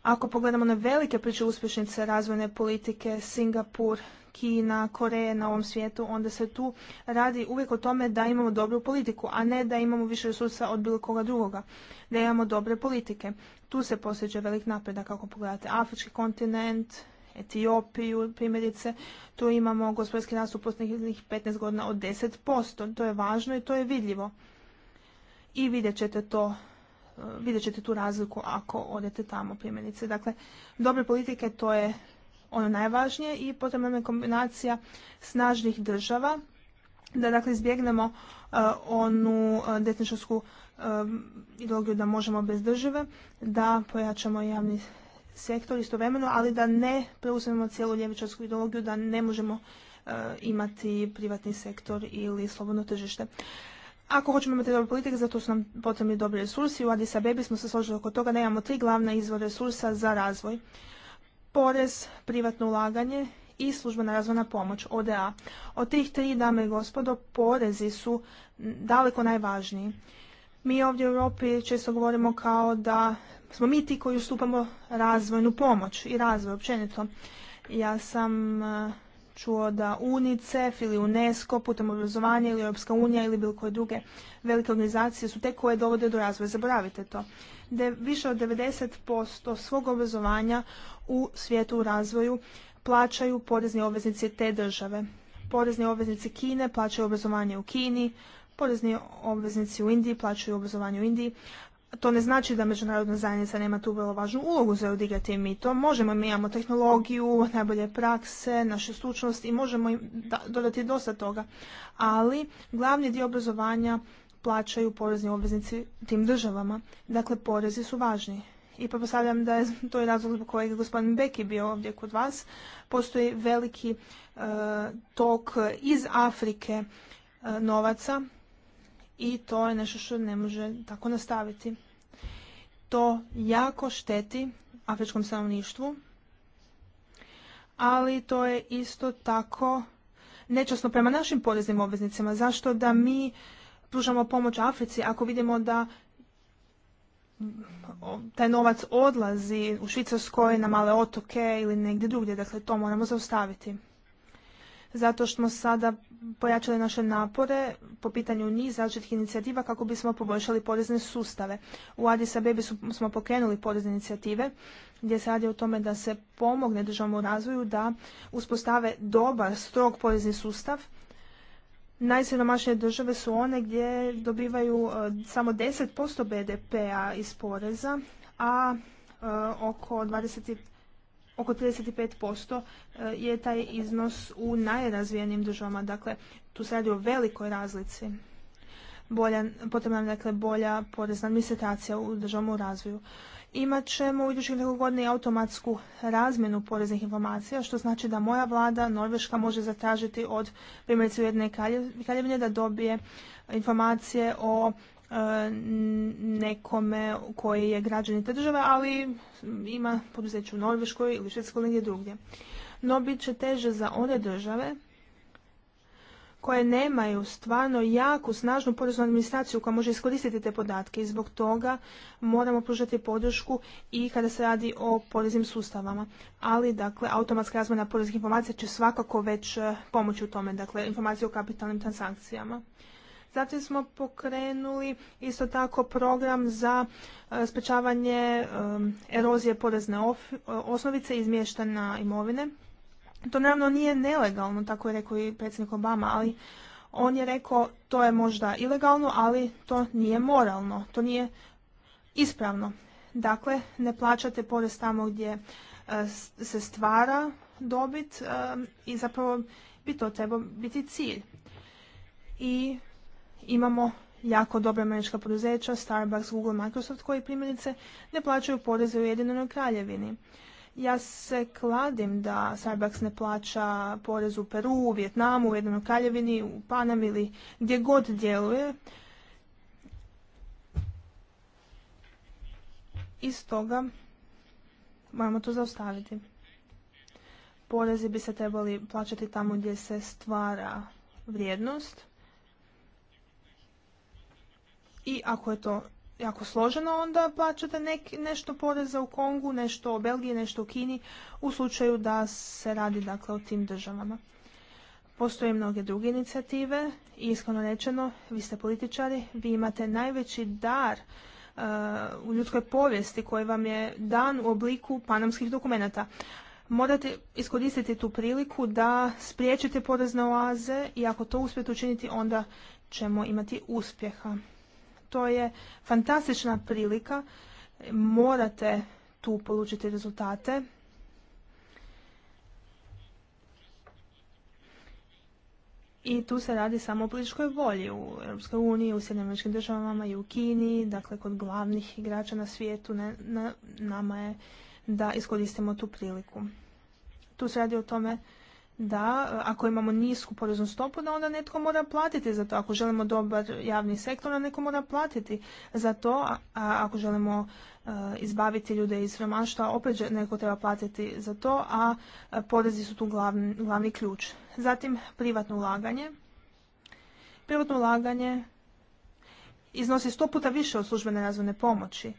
Ako pogledamo na velike priče uspješnice razvojne politike, Singapur, Kina, Koreje, na ovom svijetu, onda se tu radi uvijek o tome da imamo dobru politiku, a ne da imamo više resursa od bilo koga drugoga, da imamo dobre politike. Tu se posjeđa velik napredak ako pogledate Afrički kontinent, Etiopiju, primjerice, tu imamo gospodarski rast u posljednjih 15 godina od 10%. To je važno i to je vidljivo. I vidjet ćete to vidjet ćete tu razliku ako odete tamo primjerice. Dakle, dobre politike to je ono najvažnije i potrebna je kombinacija snažnih država da dakle izbjegnemo eh, onu eh, detničarsku eh, ideologiju da možemo bez države, da pojačamo javni sektor istovremeno, ali da ne preuzmemo cijelu ljevičarsku ideologiju da ne možemo imati privatni sektor ili slobodno tržište. Ako hoćemo imati dobre politike, zato su nam potrebni dobri resursi. U adisa Bebi smo se složili oko toga da imamo tri glavna izvora resursa za razvoj. Porez, privatno ulaganje i službena razvojna pomoć, ODA. Od tih tri, dame i gospodo, porezi su daleko najvažniji. Mi ovdje u Europi često govorimo kao da smo mi ti koji ustupamo razvojnu pomoć i razvoj općenito. Ja sam eh, čuo da UNICEF ili UNESCO putem obrazovanja ili Europska unija ili bilo koje druge velike organizacije su te koje dovode do razvoja. Zaboravite to. De, više od 90% svog obrazovanja u svijetu u razvoju plaćaju porezni obveznici te države. Porezni obveznici Kine plaćaju obrazovanje u Kini, porezni obveznici u Indiji plaćaju obrazovanje u Indiji, to ne znači da međunarodna zajednica nema tu vrlo važnu ulogu za odigrati. Mi to možemo, mi imamo tehnologiju, najbolje prakse, naše stručnosti i možemo im dodati dosta toga. Ali glavni dio obrazovanja plaćaju porezni obveznici tim državama. Dakle, porezi su važni. I postavljam da je to i razlog zbog kojeg je gospodin Beki bio ovdje kod vas. Postoji veliki eh, tok iz Afrike eh, novaca i to je nešto što ne može tako nastaviti. To jako šteti afričkom stanovništvu, ali to je isto tako nečasno prema našim poreznim obveznicima. Zašto da mi pružamo pomoć Africi ako vidimo da taj novac odlazi u Švicarskoj na male otoke ili negdje drugdje. Dakle, to moramo zaustaviti zato što smo sada pojačali naše napore po pitanju niz različitih inicijativa kako bismo poboljšali porezne sustave. U Addis Abebi smo pokrenuli porezne inicijative gdje se radi o tome da se pomogne u razvoju da uspostave dobar, strog porezni sustav. Najsiromašnije države su one gdje dobivaju e, samo 10% BDP-a iz poreza, a e, oko 25 oko 35% eh, je taj iznos u najrazvijenim državama. Dakle, tu se radi o velikoj razlici. potrebna je dakle, bolja porezna administracija u u razvoju. Imat ćemo u idućih nekog godina i automatsku razmjenu poreznih informacija, što znači da moja vlada, Norveška, može zatražiti od primjerice Ujedne kraljevine da dobije informacije o E, nekome koji je građanin te države, ali ima poduzeće u Norveškoj ili Švedskoj ili negdje drugdje. No bit će teže za one države koje nemaju stvarno jaku, snažnu poreznu administraciju koja može iskoristiti te podatke i zbog toga moramo pružati podršku i kada se radi o poreznim sustavama. Ali, dakle, automatska razmjena poreznih informacija će svakako već e, pomoći u tome, dakle, informacije o kapitalnim transakcijama. Zatim smo pokrenuli isto tako program za e, sprečavanje erozije porezne e, osnovice izmještana imovine. To naravno nije nelegalno, tako je rekao i predsjednik Obama, ali on je rekao to je možda ilegalno, ali to nije moralno, to nije ispravno. Dakle, ne plaćate porez tamo gdje e, se stvara dobit i zapravo bi to trebao biti cilj. I imamo jako dobra američka poduzeća, Starbucks, Google, Microsoft, koji primjerice ne plaćaju poreze u Jedinoj kraljevini. Ja se kladim da Starbucks ne plaća porez u Peru, u Vjetnamu, u Jedinoj kraljevini, u panami ili gdje god djeluje. I stoga moramo to zaustaviti. Porezi bi se trebali plaćati tamo gdje se stvara vrijednost i ako je to jako složeno, onda plaćate nek, nešto poreza u Kongu, nešto u Belgiji, nešto u Kini, u slučaju da se radi dakle, o tim državama. Postoje mnoge druge inicijative i iskreno rečeno, vi ste političari, vi imate najveći dar uh, u ljudskoj povijesti koji vam je dan u obliku panamskih dokumenata. Morate iskoristiti tu priliku da spriječite porezne oaze i ako to uspijete učiniti, onda ćemo imati uspjeha to je fantastična prilika. Morate tu polučiti rezultate. I tu se radi samo o političkoj volji u Europskoj uniji, u Sjedinjeničkim državama i u Kini, dakle kod glavnih igrača na svijetu, na, nama je da iskoristimo tu priliku. Tu se radi o tome da ako imamo nisku poreznu stopu da onda netko mora platiti za to. Ako želimo dobar javni sektor, onda netko mora platiti za to. A ako želimo e, izbaviti ljude iz siromaštva, opet netko treba platiti za to, a porezi su tu glavni, glavni ključ. Zatim privatno ulaganje. Privatno ulaganje iznosi sto puta više od službene razvojne pomoći.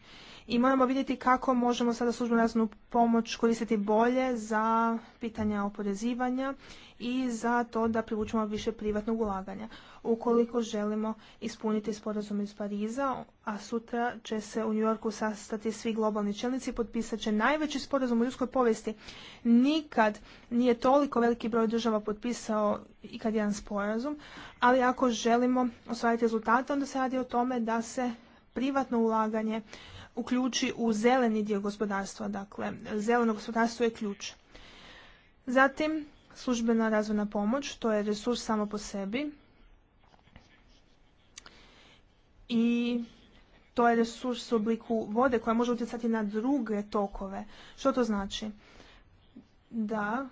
I moramo vidjeti kako možemo sada službenu raznu pomoć koristiti bolje za pitanja oporezivanja i za to da privučemo više privatnog ulaganja. Ukoliko želimo ispuniti sporazum iz Pariza, a sutra će se u New Yorku sastati svi globalni čelnici, potpisat će najveći sporazum u ljudskoj povijesti. Nikad nije toliko veliki broj država potpisao ikad jedan sporazum, ali ako želimo osvajati rezultate, onda se radi o tome da se privatno ulaganje uključi u zeleni dio gospodarstva. Dakle, zeleno gospodarstvo je ključ. Zatim, službena razvojna pomoć, to je resurs samo po sebi. I to je resurs u obliku vode koja može utjecati na druge tokove. Što to znači? Da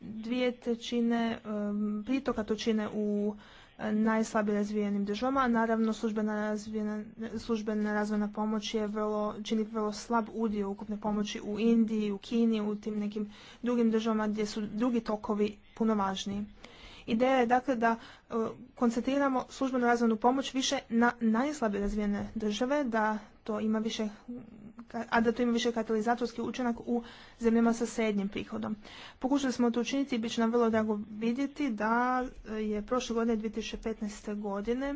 dvije tečine pritoka to čine u najslabije razvijenim državama. Naravno, službena, razvijena, službena razvojna pomoć je vrlo, čini vrlo slab udio ukupne pomoći u Indiji, u Kini, u tim nekim drugim državama gdje su drugi tokovi puno važniji. Ideja je dakle da e, koncentriramo službenu razvojnu pomoć više na najslabije razvijene države, da to ima više, a da to ima više katalizatorski učinak u zemljama sa srednjim prihodom. Pokušali smo to učiniti i bit će nam vrlo drago vidjeti da je prošle godine 2015. godine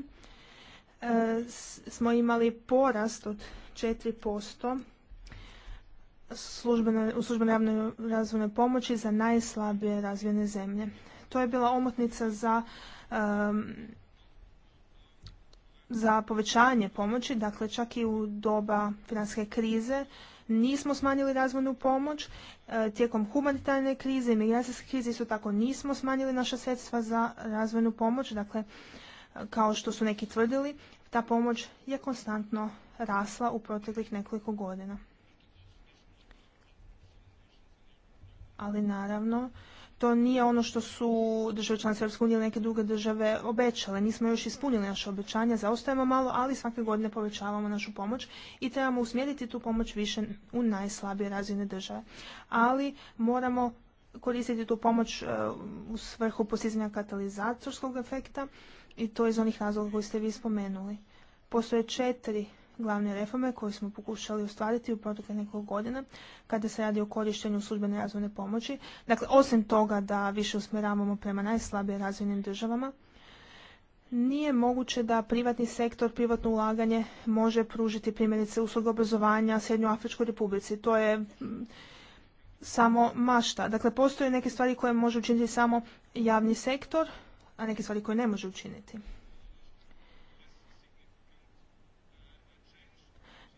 e, smo imali porast od 4% posto u službenoj javnoj razvojnoj pomoći za najslabije razvijene zemlje. To je bila omotnica za za povećanje pomoći, dakle čak i u doba financijske krize, nismo smanjili razvojnu pomoć. E, tijekom humanitarne krize i migracijske krize isto tako nismo smanjili naša sredstva za razvojnu pomoć. Dakle, e, kao što su neki tvrdili, ta pomoć je konstantno rasla u proteklih nekoliko godina. Ali naravno, to nije ono što su države članice Europske unije ili neke druge države obećale. Nismo još ispunili naše obećanja, zaostajemo malo, ali svake godine povećavamo našu pomoć i trebamo usmjeriti tu pomoć više u najslabije razine države. Ali moramo koristiti tu pomoć e, u svrhu postizanja katalizatorskog efekta i to iz onih razloga koji ste vi spomenuli. Postoje četiri glavne reforme koje smo pokušali ostvariti u protekle nekoliko godina kada se radi o korištenju službene razvojne pomoći. Dakle, osim toga da više usmjeravamo prema najslabije razvojnim državama, nije moguće da privatni sektor, privatno ulaganje može pružiti primjerice usluge obrazovanja Afričkoj republici. To je samo mašta. Dakle, postoje neke stvari koje može učiniti samo javni sektor, a neke stvari koje ne može učiniti.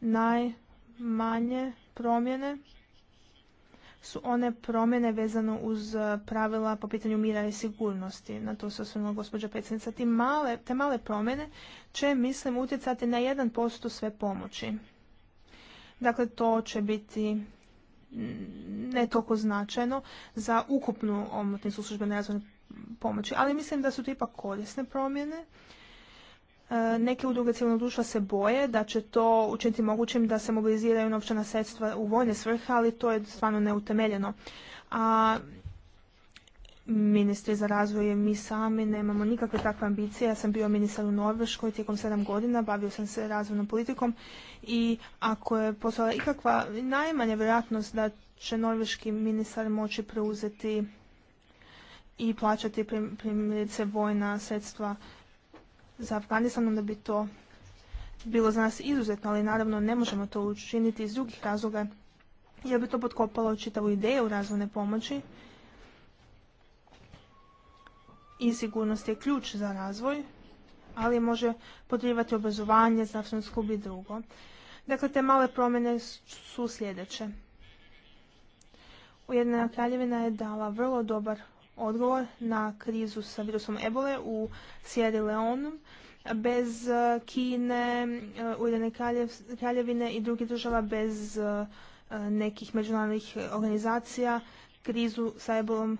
najmanje promjene su one promjene vezano uz e, pravila po pitanju mira i sigurnosti. Na to se osvrnula gospođa predsjednica. Te male, te male promjene će, mislim, utjecati na 1% sve pomoći. Dakle, to će biti ne toliko značajno za ukupnu omotnicu službene razvojne pomoći, ali mislim da su to ipak korisne promjene E, neke udruge civilnog društva se boje da će to učiniti mogućim da se mobiliziraju novčana sredstva u vojne svrhe, ali to je stvarno neutemeljeno. A ministri za razvoj mi sami nemamo nikakve takve ambicije. Ja sam bio ministar u Norveškoj tijekom sedam godina, bavio sam se razvojnom politikom i ako je postojala ikakva najmanja vjerojatnost da će norveški ministar moći preuzeti i plaćati primjerice vojna sredstva za Afganistan, da bi to bilo za nas izuzetno, ali naravno ne možemo to učiniti iz drugih razloga, jer bi to potkopalo čitavu ideju razvojne pomoći i sigurnost je ključ za razvoj, ali može podrivati obrazovanje, zdravstvenu skrb i drugo. Dakle, te male promjene su sljedeće. Ujedinjena kraljevina je dala vrlo dobar odgovor na krizu sa virusom ebole u Sjeri Leonu bez e, Kine, e, Ujedine kraljevine i drugih država bez e, nekih međunarodnih organizacija krizu sa ebolom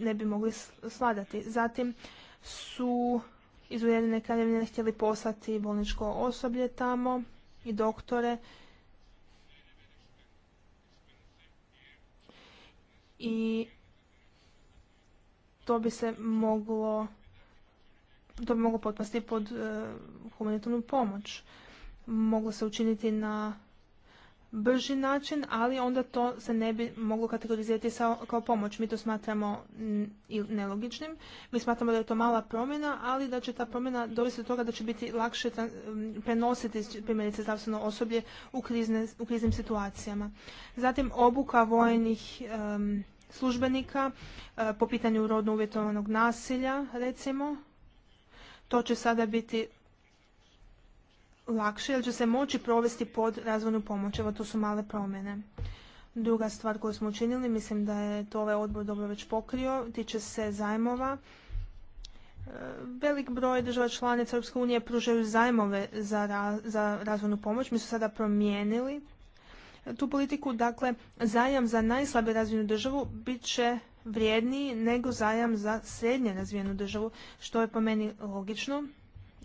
ne bi mogli sladati. Zatim su iz Ujedine kraljevine htjeli poslati bolničko osoblje tamo i doktore. I to bi se moglo to bi moglo potpasti pod e, humanitarnu pomoć. Moglo se učiniti na brži način, ali onda to se ne bi moglo kategorizirati kao pomoć. Mi to smatramo nelogičnim. Mi smatramo da je to mala promjena, ali da će ta promjena dovesti do toga da će biti lakše prenositi primjerice zdravstveno osoblje u, krizne, u kriznim situacijama. Zatim obuka vojnih službenika e, po pitanju rodno uvjetovanog nasilja, recimo. To će sada biti lakše jer će se moći provesti pod razvojnu pomoć. Evo to su male promjene. Druga stvar koju smo učinili, mislim da je to ovaj odbor dobro već pokrio, tiče se zajmova. E, velik broj država članica Europske unije pružaju zajmove za, za razvojnu pomoć. Mi su sada promijenili tu politiku. Dakle, zajam za najslabe razvijenu državu bit će vrijedniji nego zajam za srednje razvijenu državu, što je po meni logično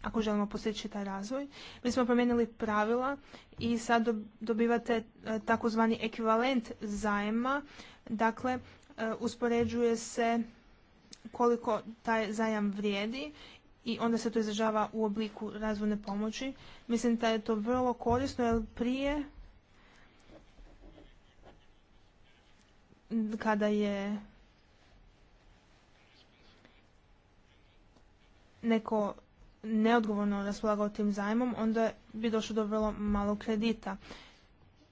ako želimo postići taj razvoj. Mi smo promijenili pravila i sad dobivate e, takozvani ekvivalent zajma, dakle e, uspoređuje se koliko taj zajam vrijedi i onda se to izražava u obliku razvojne pomoći. Mislim da je to vrlo korisno jer prije kada je neko neodgovorno raspolagao tim zajmom, onda bi došlo do vrlo malo kredita.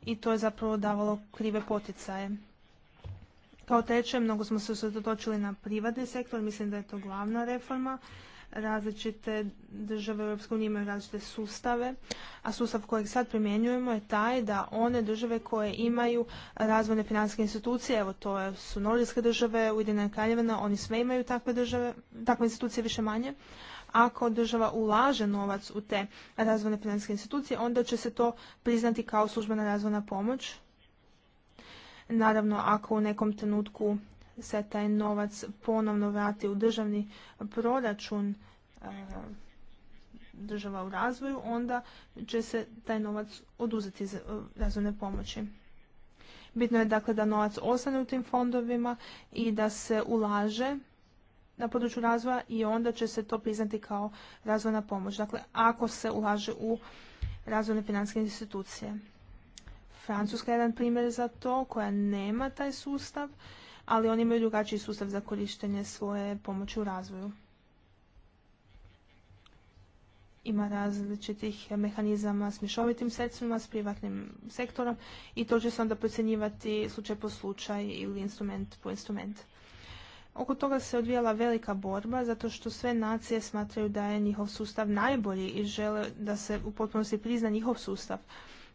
I to je zapravo davalo krive poticaje. Kao treće, mnogo smo se usredotočili na privatni sektor, mislim da je to glavna reforma različite države u EU imaju različite sustave, a sustav kojeg sad primjenjujemo je taj da one države koje imaju razvojne financijske institucije, evo to su nordijske države, Ujedinjena kraljevina, oni sve imaju takve države, takve institucije više manje. Ako država ulaže novac u te razvojne financijske institucije, onda će se to priznati kao službena razvojna pomoć. Naravno, ako u nekom trenutku se taj novac ponovno vrati u državni proračun e, država u razvoju, onda će se taj novac oduzeti iz e, razvojne pomoći. Bitno je dakle da novac ostane u tim fondovima i da se ulaže na području razvoja i onda će se to priznati kao razvojna pomoć. Dakle, ako se ulaže u razvojne financijske institucije. Francuska je jedan primjer za to koja nema taj sustav ali oni imaju drugačiji sustav za korištenje svoje pomoći u razvoju. Ima različitih mehanizama s mišovitim sredstvima, s privatnim sektorom i to će se onda procjenjivati slučaj po slučaj ili instrument po instrument. Oko toga se odvijala velika borba zato što sve nacije smatraju da je njihov sustav najbolji i žele da se u potpunosti prizna njihov sustav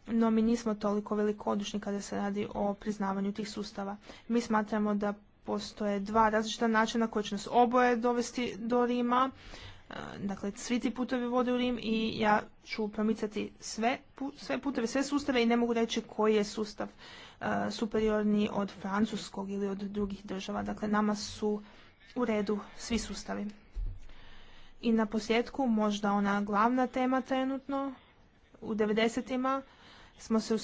no mi nismo toliko velikodušni kada se radi o priznavanju tih sustava. Mi smatramo da postoje dva različita načina koji će nas oboje dovesti do Rima. E, dakle, svi ti putevi vode u Rim i ja ću promicati sve, sve puteve, sve sustave i ne mogu reći koji je sustav superiorniji superiorni od francuskog ili od drugih država. Dakle, nama su u redu svi sustavi. I na posljedku, možda ona glavna tema trenutno, u 90-ima, smo se,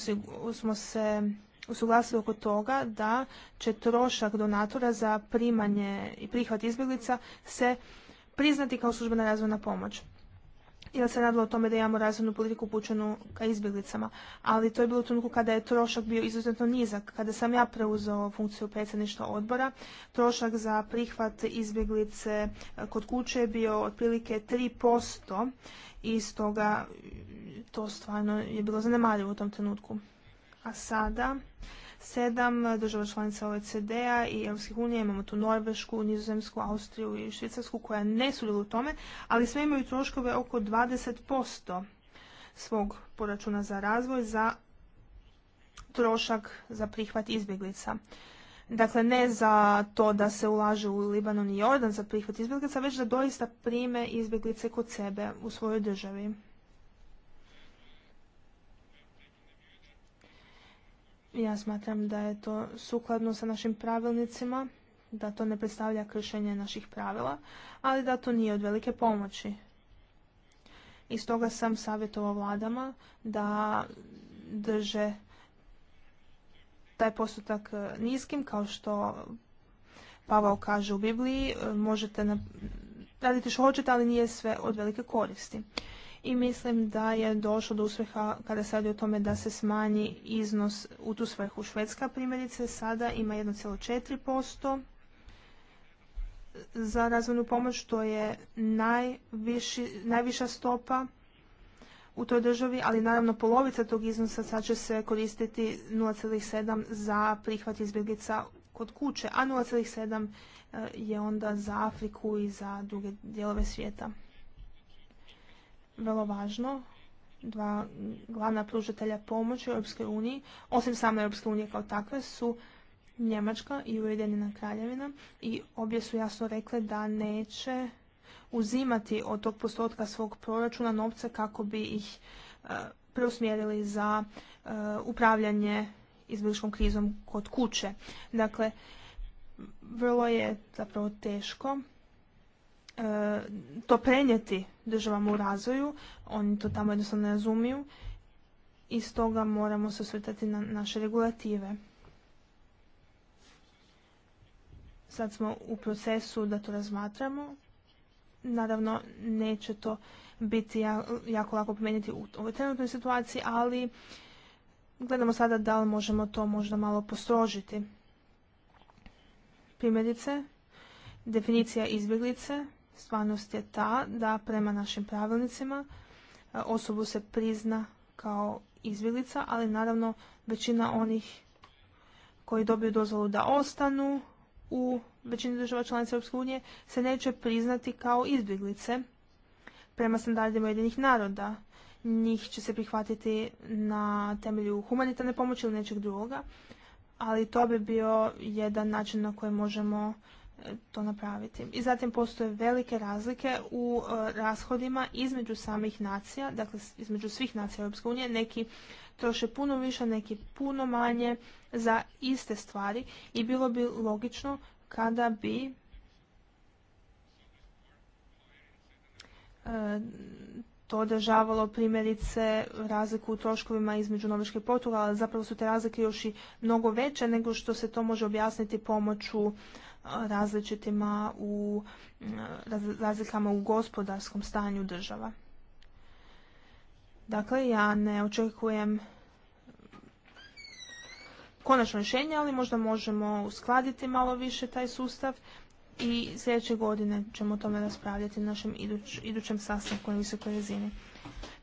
se usuglasili oko toga da će trošak donatora za primanje i prihvat izbjeglica se priznati kao službena razvojna pomoć jer se radilo o tome da imamo razvojnu politiku upućenu ka izbjeglicama. Ali to je bilo u trenutku kada je trošak bio izuzetno nizak. Kada sam ja preuzeo funkciju predsjedništva odbora, trošak za prihvat izbjeglice e, kod kuće je bio otprilike 3% i stoga to stvarno je bilo zanemarivo u tom trenutku. A sada sedam država članica OECD-a i Europskih unija, imamo tu Norvešku, Nizozemsku, Austriju i Švicarsku koja ne sudjeluju u tome, ali sve imaju troškove oko 20% svog poračuna za razvoj za trošak za prihvat izbjeglica. Dakle, ne za to da se ulaže u Libanon i Jordan za prihvat izbjeglica, već da doista prime izbjeglice kod sebe u svojoj državi. Ja smatram da je to sukladno sa našim pravilnicima, da to ne predstavlja kršenje naših pravila, ali da to nije od velike pomoći. I stoga sam savjetovao vladama da drže taj postotak e, niskim, kao što Pavao kaže u Bibliji, e, možete raditi što hoćete, ali nije sve od velike koristi i mislim da je došlo do uspjeha kada se radi o tome da se smanji iznos u tu svrhu. Švedska primjerice sada ima 1,4% za razvojnu pomoć, to je najviša stopa u toj državi, ali naravno polovica tog iznosa sad će se koristiti 0,7 za prihvat izbjeglica kod kuće, a 0,7 e, je onda za Afriku i za druge dijelove svijeta vrlo važno dva glavna pružatelja pomoći u Europskoj uniji, osim same Europske kao takve, su Njemačka i Ujedinjena kraljevina i obje su jasno rekle da neće uzimati od tog postotka svog proračuna novce kako bi ih e, preusmjerili za e, upravljanje izbjegličkom krizom kod kuće. Dakle, vrlo je zapravo teško E, to prenijeti državama u razvoju, oni to tamo jednostavno ne razumiju i stoga moramo se osvrtati na naše regulative. Sad smo u procesu da to razmatramo. Naravno, neće to biti jako lako promijeniti u ovoj trenutnoj situaciji, ali gledamo sada da li možemo to možda malo postrožiti. Primjerice, definicija izbjeglice Stvarnost je ta da prema našim pravilnicima e, osobu se prizna kao izbjeglica, ali naravno većina onih koji dobiju dozvolu da ostanu u većini država članica EU se neće priznati kao izbjeglice prema standardima jedinih naroda. Njih će se prihvatiti na temelju humanitarne pomoći ili nečeg drugoga, ali to bi bio jedan način na koji možemo to napraviti. I zatim postoje velike razlike u e, rashodima između samih nacija, dakle između svih nacija Europske unije. Neki troše puno više, neki puno manje za iste stvari i bilo bi logično kada bi e, to održavalo primjerice razliku u troškovima između Norveške i Portugala, zapravo su te razlike još i mnogo veće nego što se to može objasniti pomoću različitima u razlikama u gospodarskom stanju država. Dakle, ja ne očekujem konačno rješenje, ali možda možemo uskladiti malo više taj sustav i sljedeće godine ćemo o tome raspravljati na našem idućem sastanku na visokoj razini.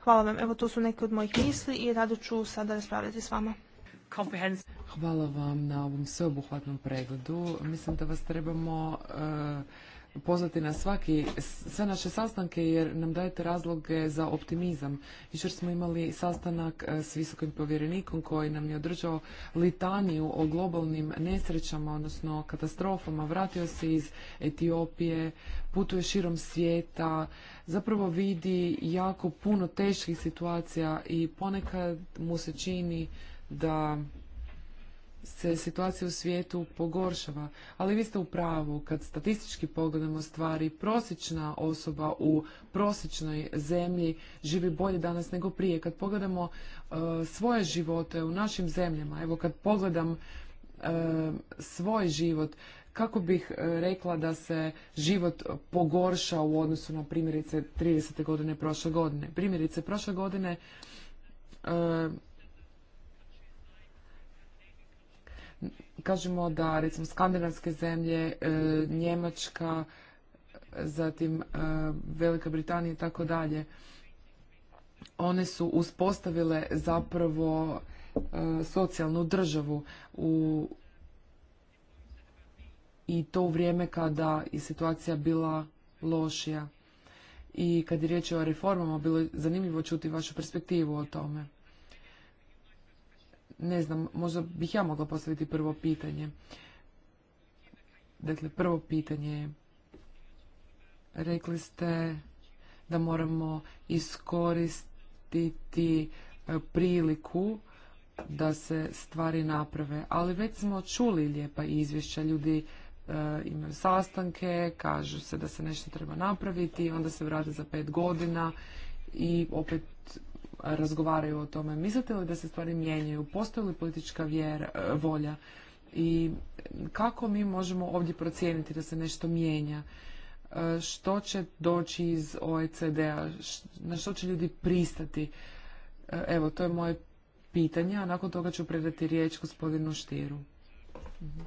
Hvala vam. Evo, to su neke od mojih misli i rado ću sada raspravljati s vama. Hvala vam na ovom sveobuhvatnom pregledu. Mislim da vas trebamo eh, pozvati na svaki, sve naše sastanke jer nam dajete razloge za optimizam. Jučer smo imali sastanak eh, s visokim povjerenikom koji nam je održao litaniju o globalnim nesrećama, odnosno katastrofama. Vratio se iz Etiopije, putuje širom svijeta, zapravo vidi jako puno teških situacija i ponekad mu se čini da se situacija u svijetu pogoršava, ali vi ste u pravu kad statistički pogledamo stvari, prosječna osoba u prosječnoj zemlji živi bolje danas nego prije. Kad pogledamo e, svoje živote u našim zemljama, evo kad pogledam e, svoj život, kako bih e, rekla da se život pogorša u odnosu na primjerice 30. godine prošle godine. Primjerice prošle godine Kažemo da recimo skandinavske zemlje, e, Njemačka, zatim e, Velika Britanija i tako dalje, one su uspostavile zapravo e, socijalnu državu u i to u vrijeme kada je situacija bila lošija. I kad je riječ o reformama, bilo je zanimljivo čuti vašu perspektivu o tome. Ne znam, možda bih ja mogla postaviti prvo pitanje. Dakle, prvo pitanje je, rekli ste da moramo iskoristiti e, priliku da se stvari naprave, ali već smo čuli lijepa izvješća, ljudi e, imaju sastanke, kažu se da se nešto treba napraviti, onda se vrate za pet godina i opet razgovaraju o tome. Mislite li da se stvari mijenjaju? Postoji li politička vjer, e, volja? I kako mi možemo ovdje procijeniti da se nešto mijenja? E, što će doći iz OECD-a? Na što će ljudi pristati? E, evo, to je moje pitanje, a nakon toga ću predati riječ gospodinu Štiru. Mhm.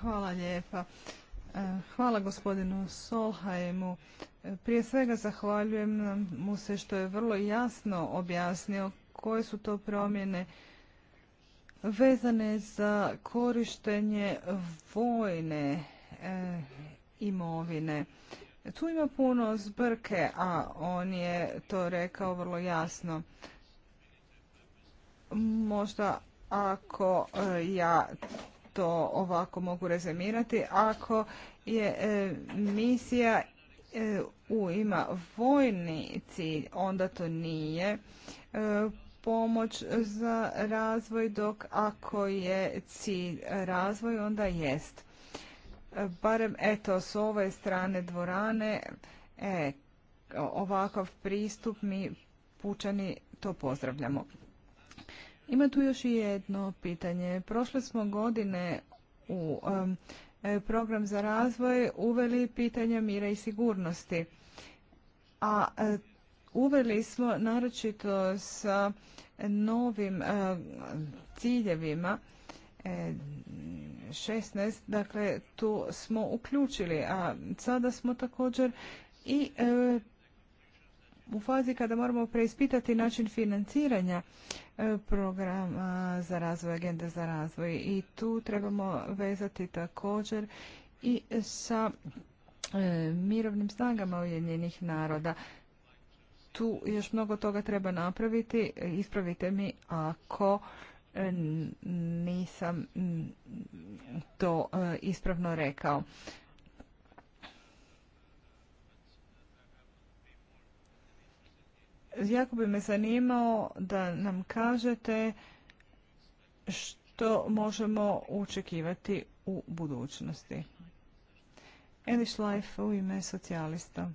Hvala lijepa. Hvala gospodinu Solhajemu. Prije svega zahvaljujem mu se što je vrlo jasno objasnio koje su to promjene vezane za korištenje vojne e, imovine. Tu ima puno zbrke, a on je to rekao vrlo jasno. Možda ako e, ja to ovako mogu rezimirati. Ako je e, misija e, u ima vojni cilj, onda to nije e, pomoć za razvoj, dok ako je cilj razvoj, onda jest. Barem eto, s ove strane dvorane, ovakav pristup mi pučani to pozdravljamo. Ima tu još i jedno pitanje. Prošle smo godine u e, program za razvoj uveli pitanja mira i sigurnosti. A e, uveli smo naročito sa novim e, ciljevima 16, dakle tu smo uključili, a sada smo također i u fazi kada moramo preispitati način financiranja e, programa za razvoj, agende za razvoj i tu trebamo vezati također i sa e, mirovnim snagama Ujedinjenih naroda. Tu još mnogo toga treba napraviti. Ispravite mi ako e, nisam to ispravno rekao. Znači, jako bi me zanimao da nam kažete što možemo očekivati u budućnosti. Eli Life u ime socijalista.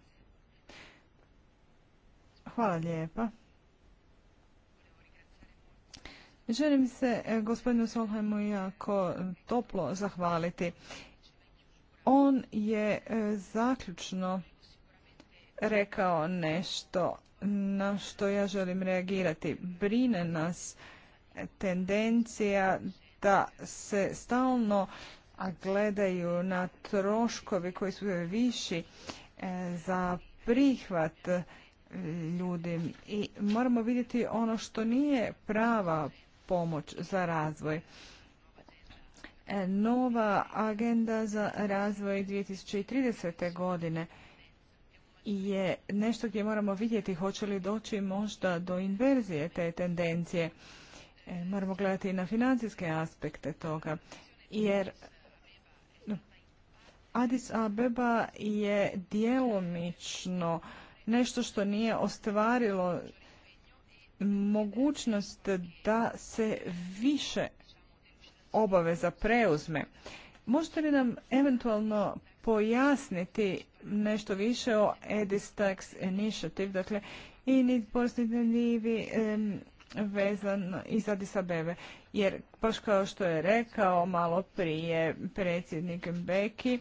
Hvala lijepa. Želim se e, gospodinu Solheimu jako toplo zahvaliti. On je e, zaključno rekao nešto na što ja želim reagirati. Brine nas tendencija da se stalno gledaju na troškovi koji su viši e, za prihvat ljudi i moramo vidjeti ono što nije prava pomoć za razvoj. E, nova agenda za razvoj 2030. godine je nešto gdje moramo vidjeti hoće li doći možda do inverzije te tendencije. E, moramo gledati i na financijske aspekte toga, jer Addis Abeba je djelomično nešto što nije ostvarilo mogućnost da se više obaveza preuzme. Možete li nam eventualno pojasniti nešto više o EDIS Tax Initiative, dakle i nit posljednjivi vezan i za Jer, baš kao što je rekao malo prije predsjednik Beki,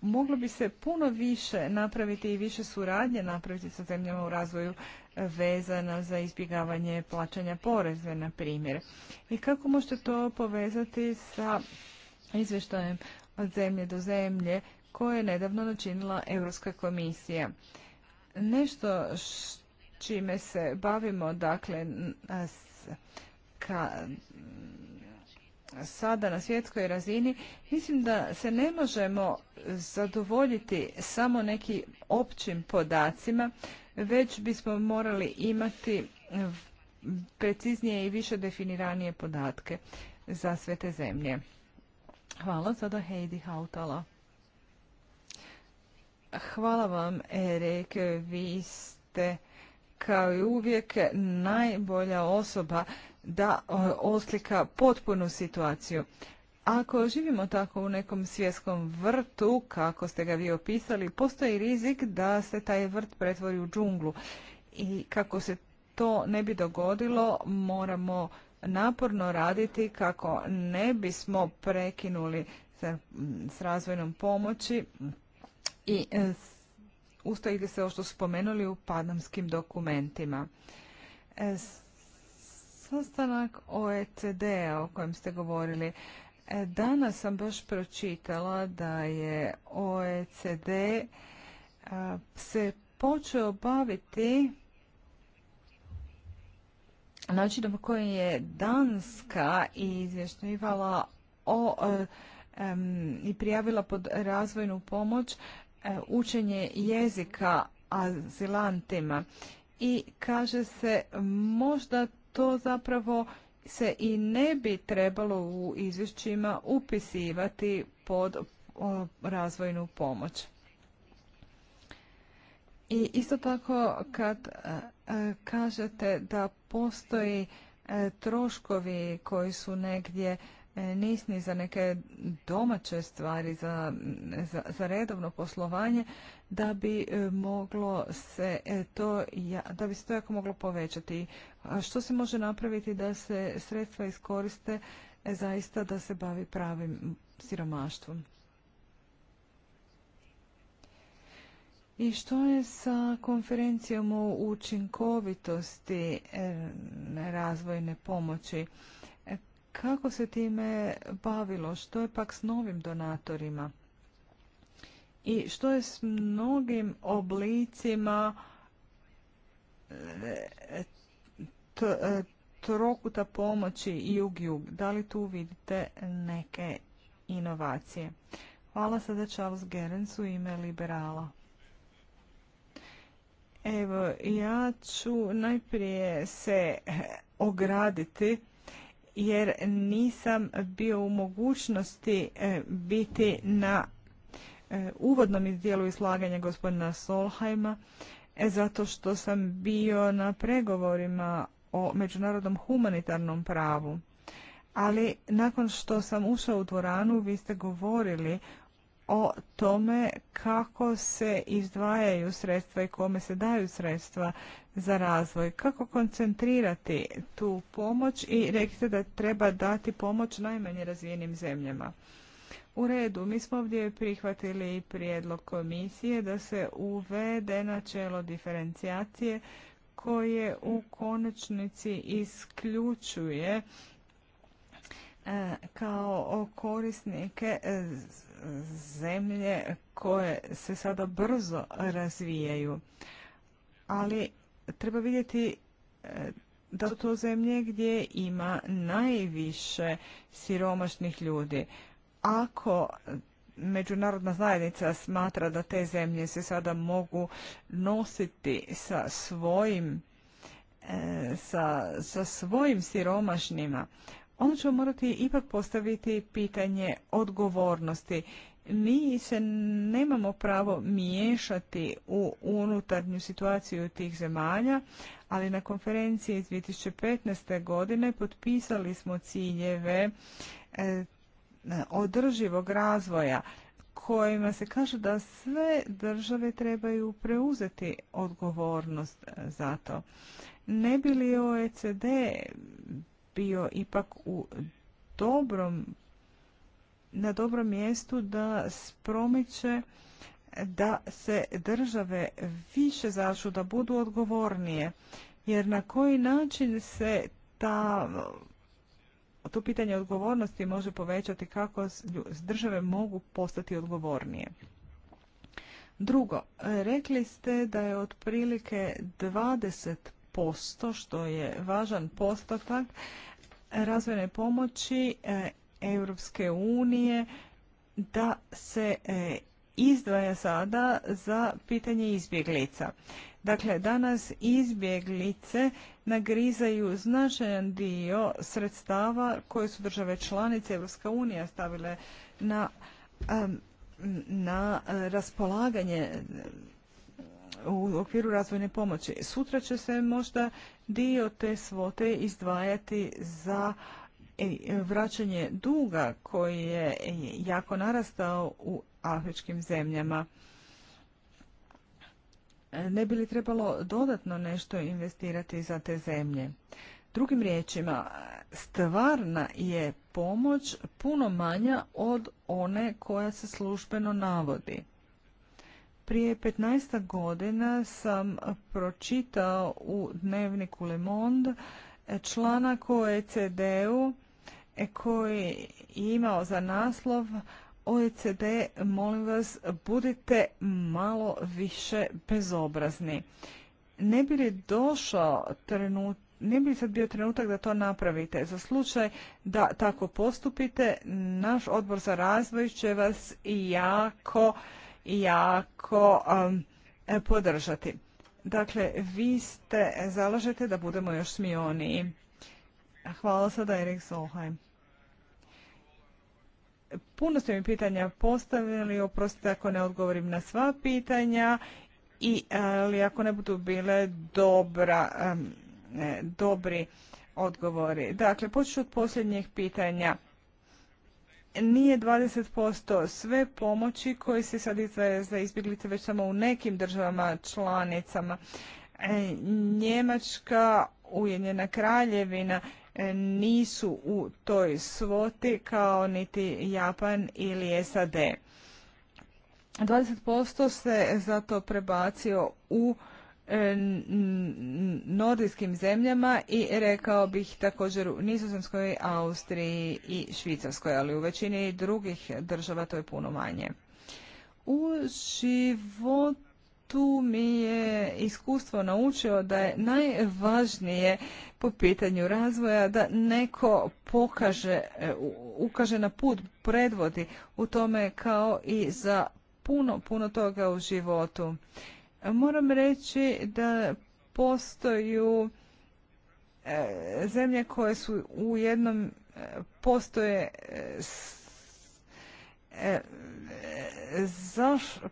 moglo bi se puno više napraviti i više suradnje napraviti sa zemljama u razvoju vezana za izbjegavanje plaćanja poreze, na primjer. I kako možete to povezati sa izvještajem od zemlje do zemlje koje je nedavno načinila Europska komisija. Nešto čime se bavimo, dakle, sada na svjetskoj razini, mislim da se ne možemo zadovoljiti samo nekim općim podacima, već bismo morali imati preciznije i više definiranije podatke za sve te zemlje. Hvala, sada Heidi Hautala. Hvala vam, Erik, vi ste kao i uvijek najbolja osoba da oslika potpunu situaciju. Ako živimo tako u nekom svjetskom vrtu, kako ste ga vi opisali, postoji rizik da se taj vrt pretvori u džunglu. I kako se to ne bi dogodilo, moramo naporno raditi kako ne bismo prekinuli s razvojnom pomoći i e, ustaviti se o što spomenuli u padamskim dokumentima. E, sastanak OECD-a o kojem ste govorili, e, danas sam baš pročitala da je OECD se počeo baviti načinom koji je Danska izvješćivala o e, i prijavila pod razvojnu pomoć e, učenje jezika azilantima i kaže se možda to zapravo se i ne bi trebalo u izvješćima upisivati pod razvojnu pomoć. I isto tako kad e, E, kažete da postoji e, troškovi koji su negdje e, nisni za neke domaće stvari, za, za, redovno poslovanje, da bi moglo se to, da bi se to jako moglo povećati. A što se može napraviti da se sredstva iskoriste zaista da se bavi pravim siromaštvom? I što je sa konferencijom o učinkovitosti e, razvojne pomoći? E, kako se time bavilo? Što je pak s novim donatorima? I što je s mnogim oblicima e, trokuta pomoći jug-jug? Da li tu vidite neke inovacije? Hvala sada Charles Gerens u ime liberala. Evo, ja ću najprije se eh, ograditi jer nisam bio u mogućnosti eh, biti na eh, uvodnom izdjelu izlaganja gospodina Solheima zato što sam bio na pregovorima o međunarodnom humanitarnom pravu. Ali nakon što sam ušao u dvoranu, vi ste govorili o tome kako se izdvajaju sredstva i kome se daju sredstva za razvoj, kako koncentrirati tu pomoć i rekli da treba dati pomoć najmanje razvijenim zemljama. U redu, mi smo ovdje prihvatili prijedlog komisije da se uvede načelo diferencijacije koje u konačnici isključuje e, kao korisnike zemlje koje se sada brzo razvijaju. Ali treba vidjeti e, da su to zemlje gdje ima najviše siromašnih ljudi. Ako međunarodna zajednica smatra da te zemlje se sada mogu nositi sa svojim e, sa, sa svojim siromašnima onda ćemo morati ipak postaviti pitanje odgovornosti. Mi se nemamo pravo miješati u unutarnju situaciju tih zemalja, ali na konferenciji iz 2015. godine potpisali smo ciljeve e, održivog razvoja kojima se kaže da sve države trebaju preuzeti odgovornost za to. Ne bi li OECD bio ipak u dobrom, na dobrom mjestu da spromiče da se države više zašu, da budu odgovornije. Jer na koji način se ta, to pitanje odgovornosti može povećati kako države mogu postati odgovornije. Drugo, rekli ste da je otprilike 20%, što je važan postotak, razvojne pomoći e, Europske unije da se e, izdvaja sada za pitanje izbjeglica. Dakle, danas izbjeglice nagrizaju značajan dio sredstava koje su države članice Europska unija stavile na, na e, raspolaganje u okviru razvojne pomoći. Sutra će se možda dio te svote izdvajati za e, vraćanje duga koji je jako narastao u afričkim zemljama. Ne bi li trebalo dodatno nešto investirati za te zemlje? Drugim riječima, stvarna je pomoć puno manja od one koja se službeno navodi. Prije 15 godina sam pročitao u dnevniku Le Monde članak oecd ECD-u e, koji je imao za naslov OECD, molim vas, budite malo više bezobrazni. Ne bi li došao ne bi sad bio trenutak da to napravite. Za slučaj da tako postupite, naš odbor za razvoj će vas jako jako um, e, podržati. Dakle, vi ste e, zalažete da budemo još smioniji. Hvala sada Erik Solheim. Puno ste mi pitanja postavili, oprostite ako ne odgovorim na sva pitanja i ali ako ne budu bile dobra, e, dobri odgovori. Dakle, počet od posljednjih pitanja nije 20% sve pomoći koje se sad izdaje za izbjeglice već samo u nekim državama članicama. E, Njemačka, Ujedinjena kraljevina e, nisu u toj svoti kao niti Japan ili SAD. 20% se zato prebacio u E, nordijskim zemljama i rekao bih također u Nizozemskoj, Austriji i Švicarskoj, ali u većini drugih država to je puno manje. U životu mi je iskustvo naučio da je najvažnije po pitanju razvoja da neko pokaže, e, ukaže na put, predvodi u tome kao i za puno, puno toga u životu. Moram reći da postoju e, zemlje koje su u jednom e, postoje e,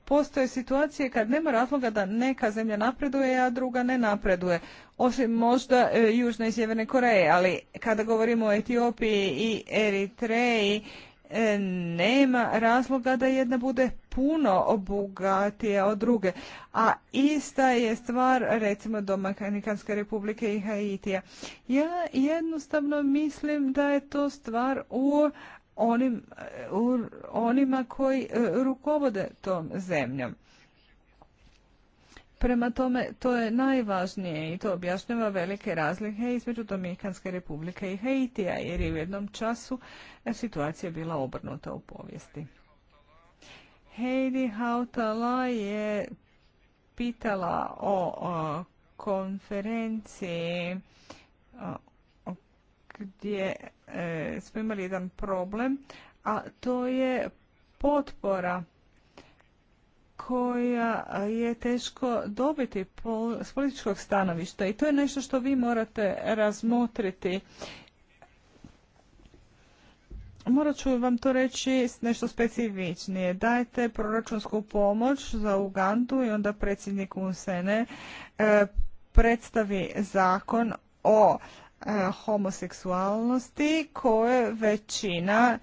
postoje situacije kad nema razloga da neka zemlja napreduje, a druga ne napreduje. Osim možda Južne i Sjeverne Koreje, ali kada govorimo o Etiopiji i Eritreji, nema razloga da jedna bude puno bogatija od druge. A ista je stvar recimo Dominikanske republike i Haitija. Ja jednostavno mislim da je to stvar u onim, onima koji e, rukovode tom zemljom. Prema tome, to je najvažnije i to objašnjava velike razlike između Dominikanske republike i Haitija, jer je u jednom času e, situacija bila obrnuta u povijesti. Heidi Hautala je pitala o, konferenciji gdje e, smo imali jedan problem, a to je potpora koja je teško dobiti s političkog stanovišta i to je nešto što vi morate razmotriti Morat ću vam to reći nešto specifičnije. Dajte proračunsku pomoć za Ugandu i onda predsjednik Unsene e, predstavi zakon o e, homoseksualnosti koje većina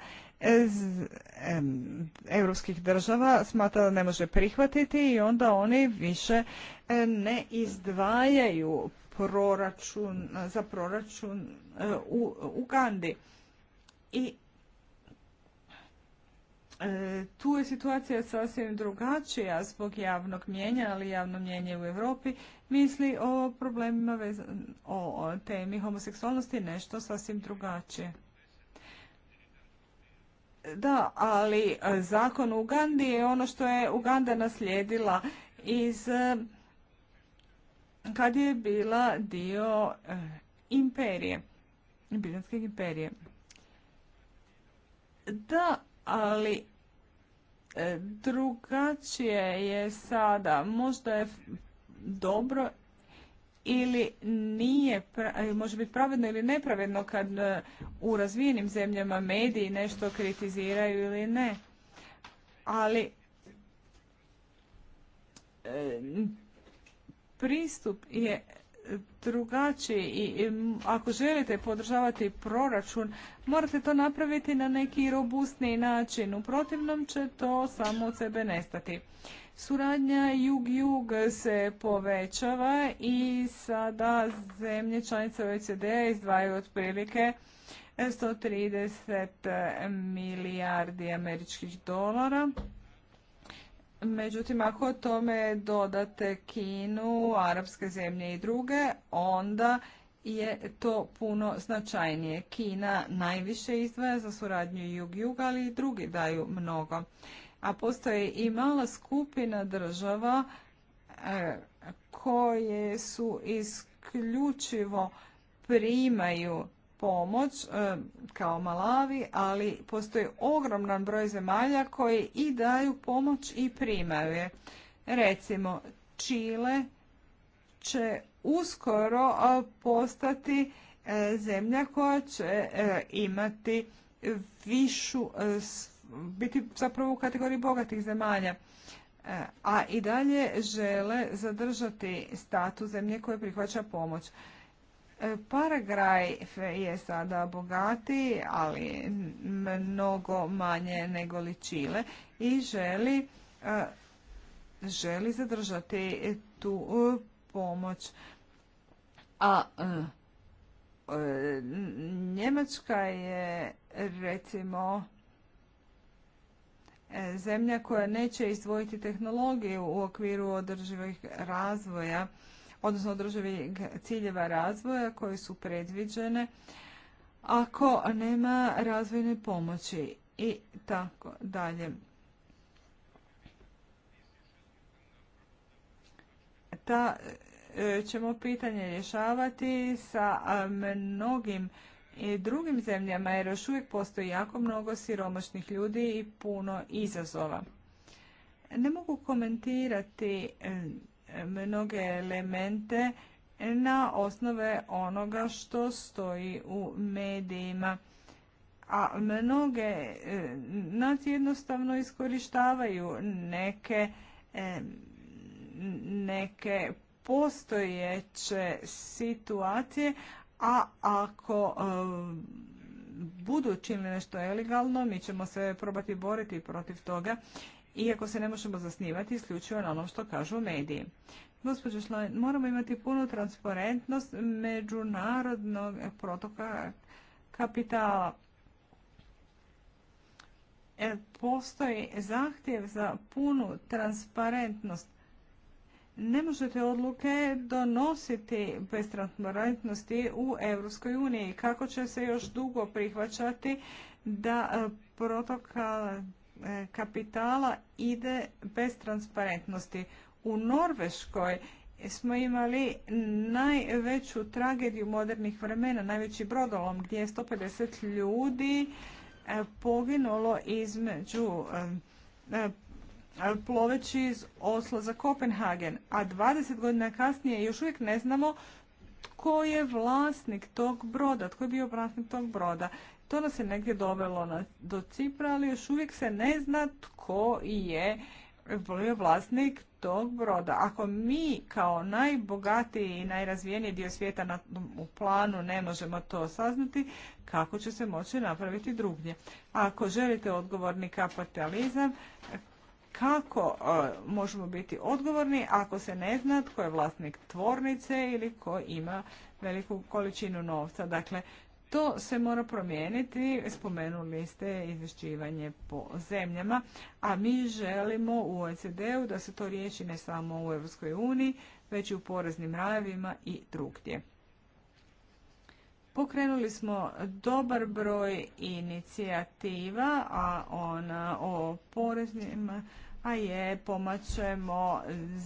europskih država smatra da ne može prihvatiti i onda oni više e, ne izdvajaju proračun za proračun u Ugandi. I E, tu je situacija sasvim drugačija zbog javnog mijenja, ali javno mjenje u Europi misli o problemima, o temi homoseksualnosti nešto sasvim drugačije. Da, ali zakon u Ugandi je ono što je Uganda naslijedila iz e, kad je bila dio e, imperije, Britanske imperije. Da, ali E, drugačije je sada, možda je dobro ili nije, e, može biti pravedno ili nepravedno kad e, u razvijenim zemljama mediji nešto kritiziraju ili ne. Ali pristup je drugačiji i ako želite podržavati proračun, morate to napraviti na neki robustni način. U protivnom će to samo od sebe nestati. Suradnja jug-jug se povećava i sada zemlje članice OECD-a izdvajaju otprilike 130 milijardi američkih dolara Međutim, ako tome dodate Kinu, arapske zemlje i druge, onda je to puno značajnije. Kina najviše izdvaja za suradnju jug-jug, ali i drugi daju mnogo. A postoji i mala skupina država e, koje su isključivo primaju pomoć e, kao Malavi, ali postoji ogroman broj zemalja koji i daju pomoć i primaju je. Recimo, Čile će uskoro postati e, zemlja koja će e, imati višu, biti zapravo u kategoriji bogatih zemalja. A i dalje žele zadržati status zemlje koje prihvaća pomoć. E, Paragraj je sada bogatiji, ali mnogo manje nego li Čile i želi, e, želi zadržati tu e, pomoć. A Njemačka je recimo zemlja koja neće izdvojiti tehnologiju u okviru održivih razvoja odnosno održivih ciljeva razvoja koje su predviđene ako nema razvojne pomoći i tako dalje. Ta e, ćemo pitanje rješavati sa mnogim i drugim zemljama jer još uvijek postoji jako mnogo siromašnih ljudi i puno izazova. Ne mogu komentirati e, mnoge elemente na osnove onoga što stoji u medijima. A mnoge e, nas jednostavno iskorištavaju neke, e, neke postojeće situacije, a ako e, budu činili nešto ilegalno, mi ćemo se probati boriti protiv toga iako se ne možemo zasnivati isključivo na ono što kažu mediji. Gospođo moramo imati punu transparentnost međunarodnog protoka kapitala. E, postoji zahtjev za punu transparentnost. Ne možete odluke donositi bez transparentnosti u EU. Kako će se još dugo prihvaćati da protokal. E, kapitala ide bez transparentnosti. U Norveškoj smo imali najveću tragediju modernih vremena, najveći brodolom gdje je 150 ljudi e, poginulo između e, ploveći iz Oslo za Kopenhagen, a 20 godina kasnije još uvijek ne znamo tko je vlasnik tog broda, tko je bio vlasnik tog broda. To nas je negdje dovelo na, do Cipra, ali još uvijek se ne zna tko je bio vlasnik tog broda. Ako mi kao najbogatiji i najrazvijeniji dio svijeta na, u planu ne možemo to saznati, kako će se moći napraviti drugdje? Ako želite odgovorni kapitalizam, kako e, možemo biti odgovorni ako se ne zna tko je vlasnik tvornice ili ko ima veliku količinu novca. Dakle, to se mora promijeniti, spomenuli ste izvješćivanje po zemljama, a mi želimo u OECD-u da se to riješi ne samo u EU, već i u poreznim rajevima i drugdje. Pokrenuli smo dobar broj inicijativa, a ona o poreznima, a je pomaćemo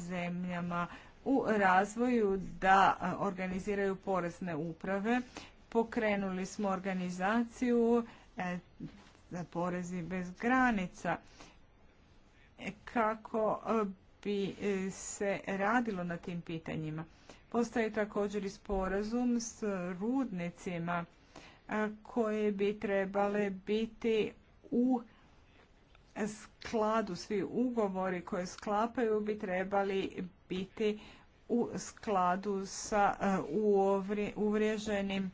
zemljama u razvoju da organiziraju porezne uprave Pokrenuli smo organizaciju e, za porezi bez granica e, kako e, bi se radilo na tim pitanjima. Postoji također i sporazum s rudnicima koje bi trebale biti u skladu, svi ugovori koje sklapaju bi trebali biti u skladu sa uvriježenim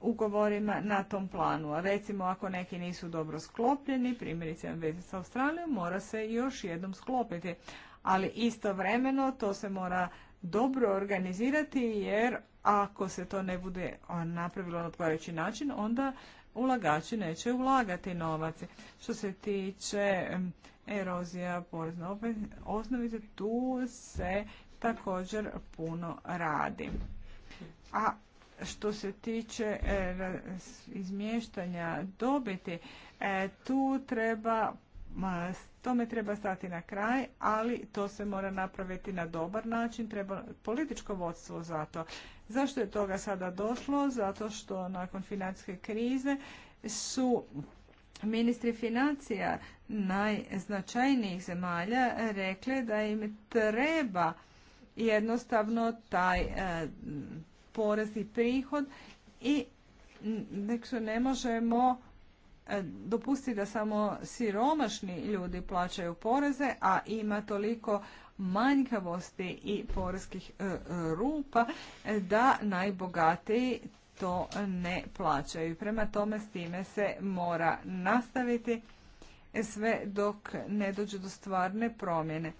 ugovorima na tom planu. A recimo ako neki nisu dobro sklopljeni, primjerice veze sa Australijom, mora se još jednom sklopiti. Ali istovremeno to se mora dobro organizirati jer ako se to ne bude napravilo na odgovarajući način, onda ulagači neće ulagati novac. Što se tiče erozija porezne osnovice, tu se također puno radi. A što se tiče e, izmještanja dobiti, e, tu treba tome treba stati na kraj, ali to se mora napraviti na dobar način, treba političko vodstvo za to. Zašto je toga sada došlo? Zato što nakon financijske krize su ministri financija najznačajnijih zemalja rekli da im treba jednostavno taj e, i prihod i nekako ne možemo e, dopustiti da samo siromašni ljudi plaćaju poreze, a ima toliko manjkavosti i poreskih e, rupa e, da najbogatiji to ne plaćaju. Prema tome s time se mora nastaviti sve dok ne dođe do stvarne promjene.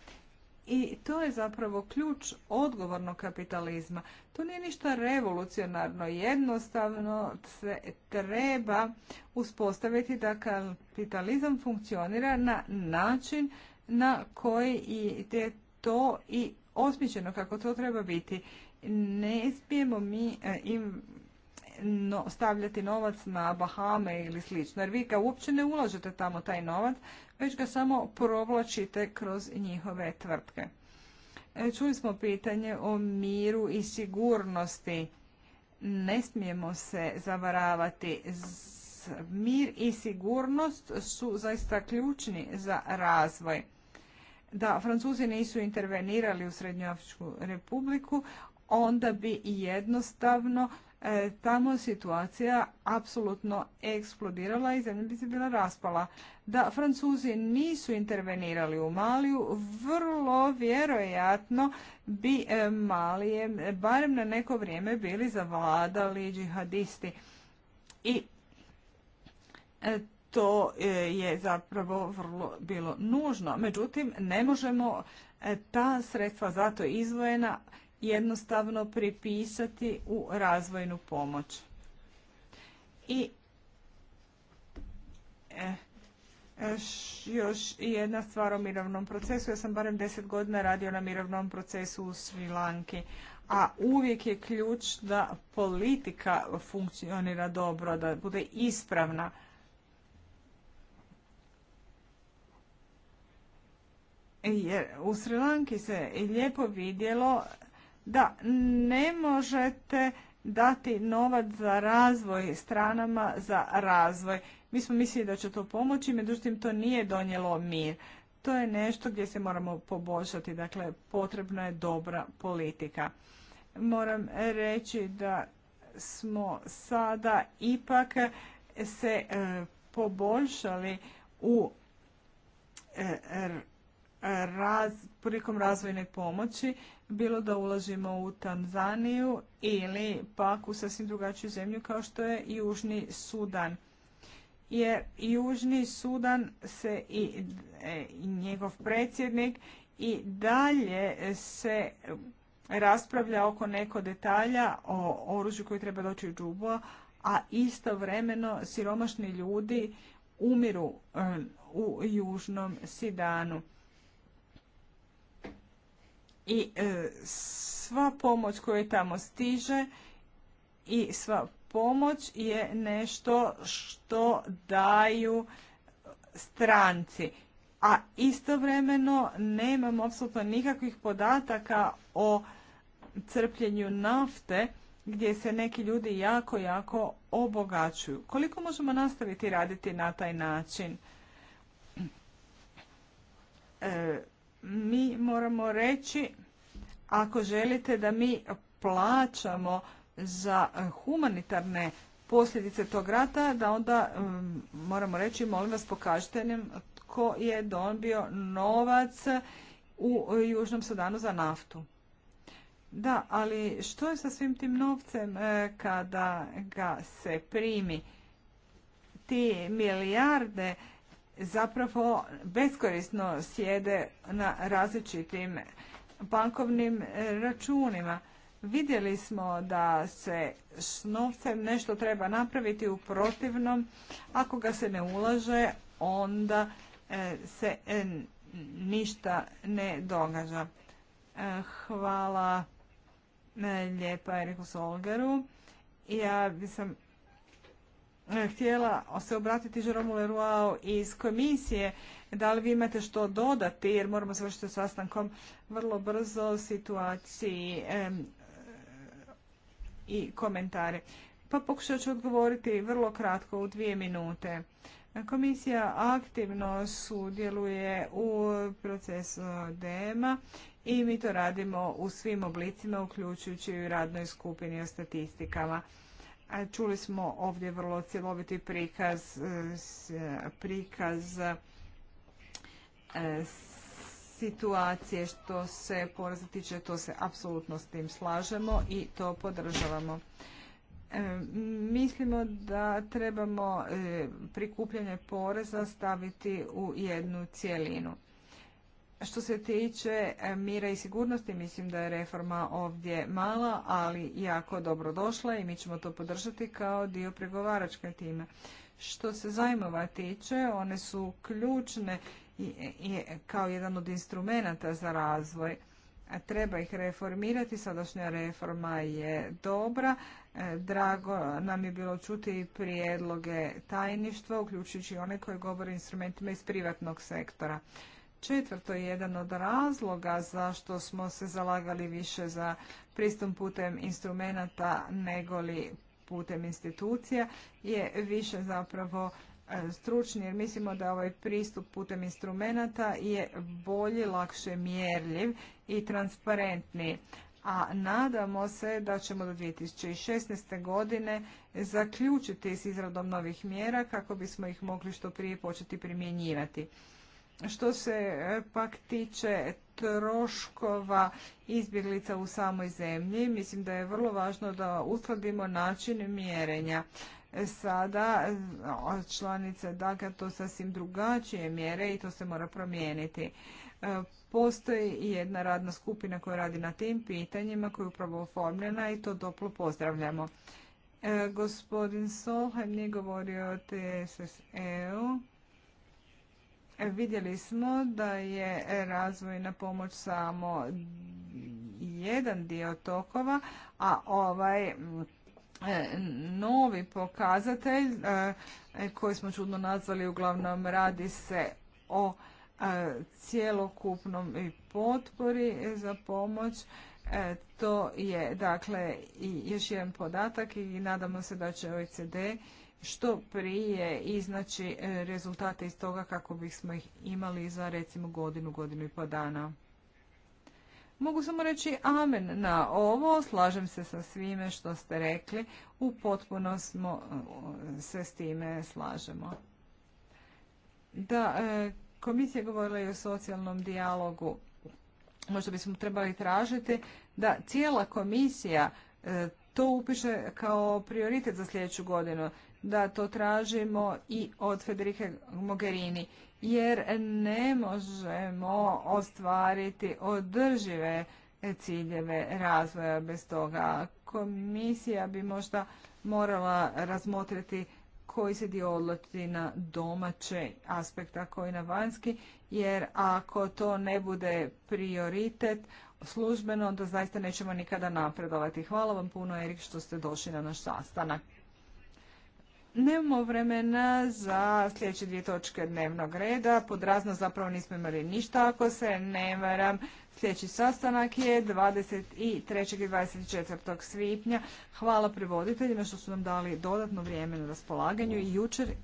I to je zapravo ključ odgovornog kapitalizma. To nije ništa revolucionarno, jednostavno se treba uspostaviti da kapitalizam funkcionira na način na koji je to i osmišljeno kako to treba biti. Ne smijemo mi e, im no, stavljati novac na Bahame ili slično. Jer vi ga uopće ne ulažete tamo taj novac, već ga samo provlačite kroz njihove tvrtke. E, čuli smo pitanje o miru i sigurnosti. Ne smijemo se zavaravati. Mir i sigurnost su zaista ključni za razvoj. Da Francuzi nisu intervenirali u Srednjoafričku republiku, onda bi jednostavno E, tamo situacija apsolutno eksplodirala i zemlja bi se bila raspala. Da Francuzi nisu intervenirali u Maliju, vrlo vjerojatno bi e, Malije barem na neko vrijeme bili zavladali džihadisti. I e, to je zapravo vrlo bilo nužno. Međutim, ne možemo ta sredstva zato izvojena jednostavno pripisati u razvojnu pomoć. I e, još jedna stvar o mirovnom procesu. Ja sam barem deset godina radio na mirovnom procesu u Lanki. A uvijek je ključ da politika funkcionira dobro, da bude ispravna. Jer u Lanki se lijepo vidjelo da ne možete dati novac za razvoj stranama za razvoj. Mi smo mislili da će to pomoći, međutim to nije donijelo mir. To je nešto gdje se moramo poboljšati, dakle potrebna je dobra politika. Moram reći da smo sada ipak se e, poboljšali u e, raz, prilikom razvojne pomoći, bilo da ulažimo u Tanzaniju ili pak u sasvim drugačiju zemlju kao što je Južni Sudan. Jer Južni Sudan se i, e, njegov predsjednik i dalje se raspravlja oko neko detalja o oružju koji treba doći u džubo, a istovremeno siromašni ljudi umiru e, u Južnom Sidanu i e, sva pomoć koja tamo stiže i sva pomoć je nešto što daju stranci. A istovremeno nemamo apsolutno nikakvih podataka o crpljenju nafte gdje se neki ljudi jako, jako obogaćuju. Koliko možemo nastaviti raditi na taj način? E, mi moramo reći ako želite da mi plaćamo za humanitarne posljedice tog rata, da onda mm, moramo reći, molim vas pokažite nam tko je dobio novac u Južnom Sudanu za naftu. Da, ali što je sa svim tim novcem e, kada ga se primi? Ti milijarde zapravo beskorisno sjede na različitim bankovnim e, računima. Vidjeli smo da se s novcem nešto treba napraviti u protivnom. Ako ga se ne ulaže, onda e, se e, ništa ne događa. Hvala lijepa Eriku Solgeru. Ja bi sam E, htjela se obratiti Žeromu Leroy iz komisije. Da li vi imate što dodati, jer moramo završiti sastankom vrlo brzo situaciji i komentare. Pa pokušat ću odgovoriti vrlo kratko, u dvije minute. Komisija aktivno sudjeluje u procesu DEMA i mi to radimo u svim oblicima, uključujući i radnoj skupini o statistikama. Čuli smo ovdje vrlo cjeloviti prikaz, eh, prikaz eh, situacije što se poreza tiče, to se apsolutno s tim slažemo i to podržavamo. Eh, mislimo da trebamo prikupljanje poreza staviti u jednu cjelinu. Što se tiče e, mira i sigurnosti, mislim da je reforma ovdje mala, ali jako dobro došla i mi ćemo to podržati kao dio pregovaračke time. Što se zajmova tiče, one su ključne kao jedan od instrumenta za razvoj. E, treba ih reformirati, sadašnja reforma je dobra. E, drago nam je bilo čuti prijedloge tajništva, uključujući one koje govore instrumentima iz privatnog sektora. Četvrto je jedan od razloga zašto smo se zalagali više za pristup putem instrumenta nego li putem institucija je više zapravo e, stručni jer mislimo da ovaj pristup putem instrumenta je bolji, lakše mjerljiv i transparentniji. A nadamo se da ćemo do 2016. godine zaključiti s izradom novih mjera kako bismo ih mogli što prije početi primjenjivati. Što se e, pak tiče troškova izbjeglica u samoj zemlji, mislim da je vrlo važno da uskladimo način mjerenja. E, sada članice DAGA to sasvim drugačije mjere i to se mora promijeniti. E, postoji jedna radna skupina koja radi na tim pitanjima koja je upravo oformljena i to doplo pozdravljamo. Gospodin Solheim nije govorio o TSSE-u. Vidjeli smo da je razvojna pomoć samo jedan dio tokova, a ovaj e, novi pokazatelj e, koji smo čudno nazvali uglavnom radi se o e, cjelokupnom potpori za pomoć. To je dakle još jedan podatak i nadamo se da će OECD što prije iznaći e, rezultate iz toga kako bismo ih imali za recimo godinu, godinu i pa dana. Mogu samo reći amen na ovo, slažem se sa svime što ste rekli, u potpuno smo e, se s time slažemo. Da, e, komisija je govorila i o socijalnom dijalogu. Možda bismo trebali tražiti da cijela komisija to upiše kao prioritet za sljedeću godinu da to tražimo i od Federike Mogherini jer ne možemo ostvariti održive ciljeve razvoja bez toga. Komisija bi možda morala razmotriti koji se dio odloti na domaće aspekta koji na vanjski, jer ako to ne bude prioritet službeno, onda zaista nećemo nikada napredovati. Hvala vam puno, Erik, što ste došli na naš sastanak. Nemamo vremena za sljedeće dvije točke dnevnog reda. Pod razno zapravo nismo imali ništa ako se ne varam. Sljedeći sastanak je 23. i 24. svibnja. Hvala privoditeljima što su nam dali dodatno vrijeme na raspolaganju i jučer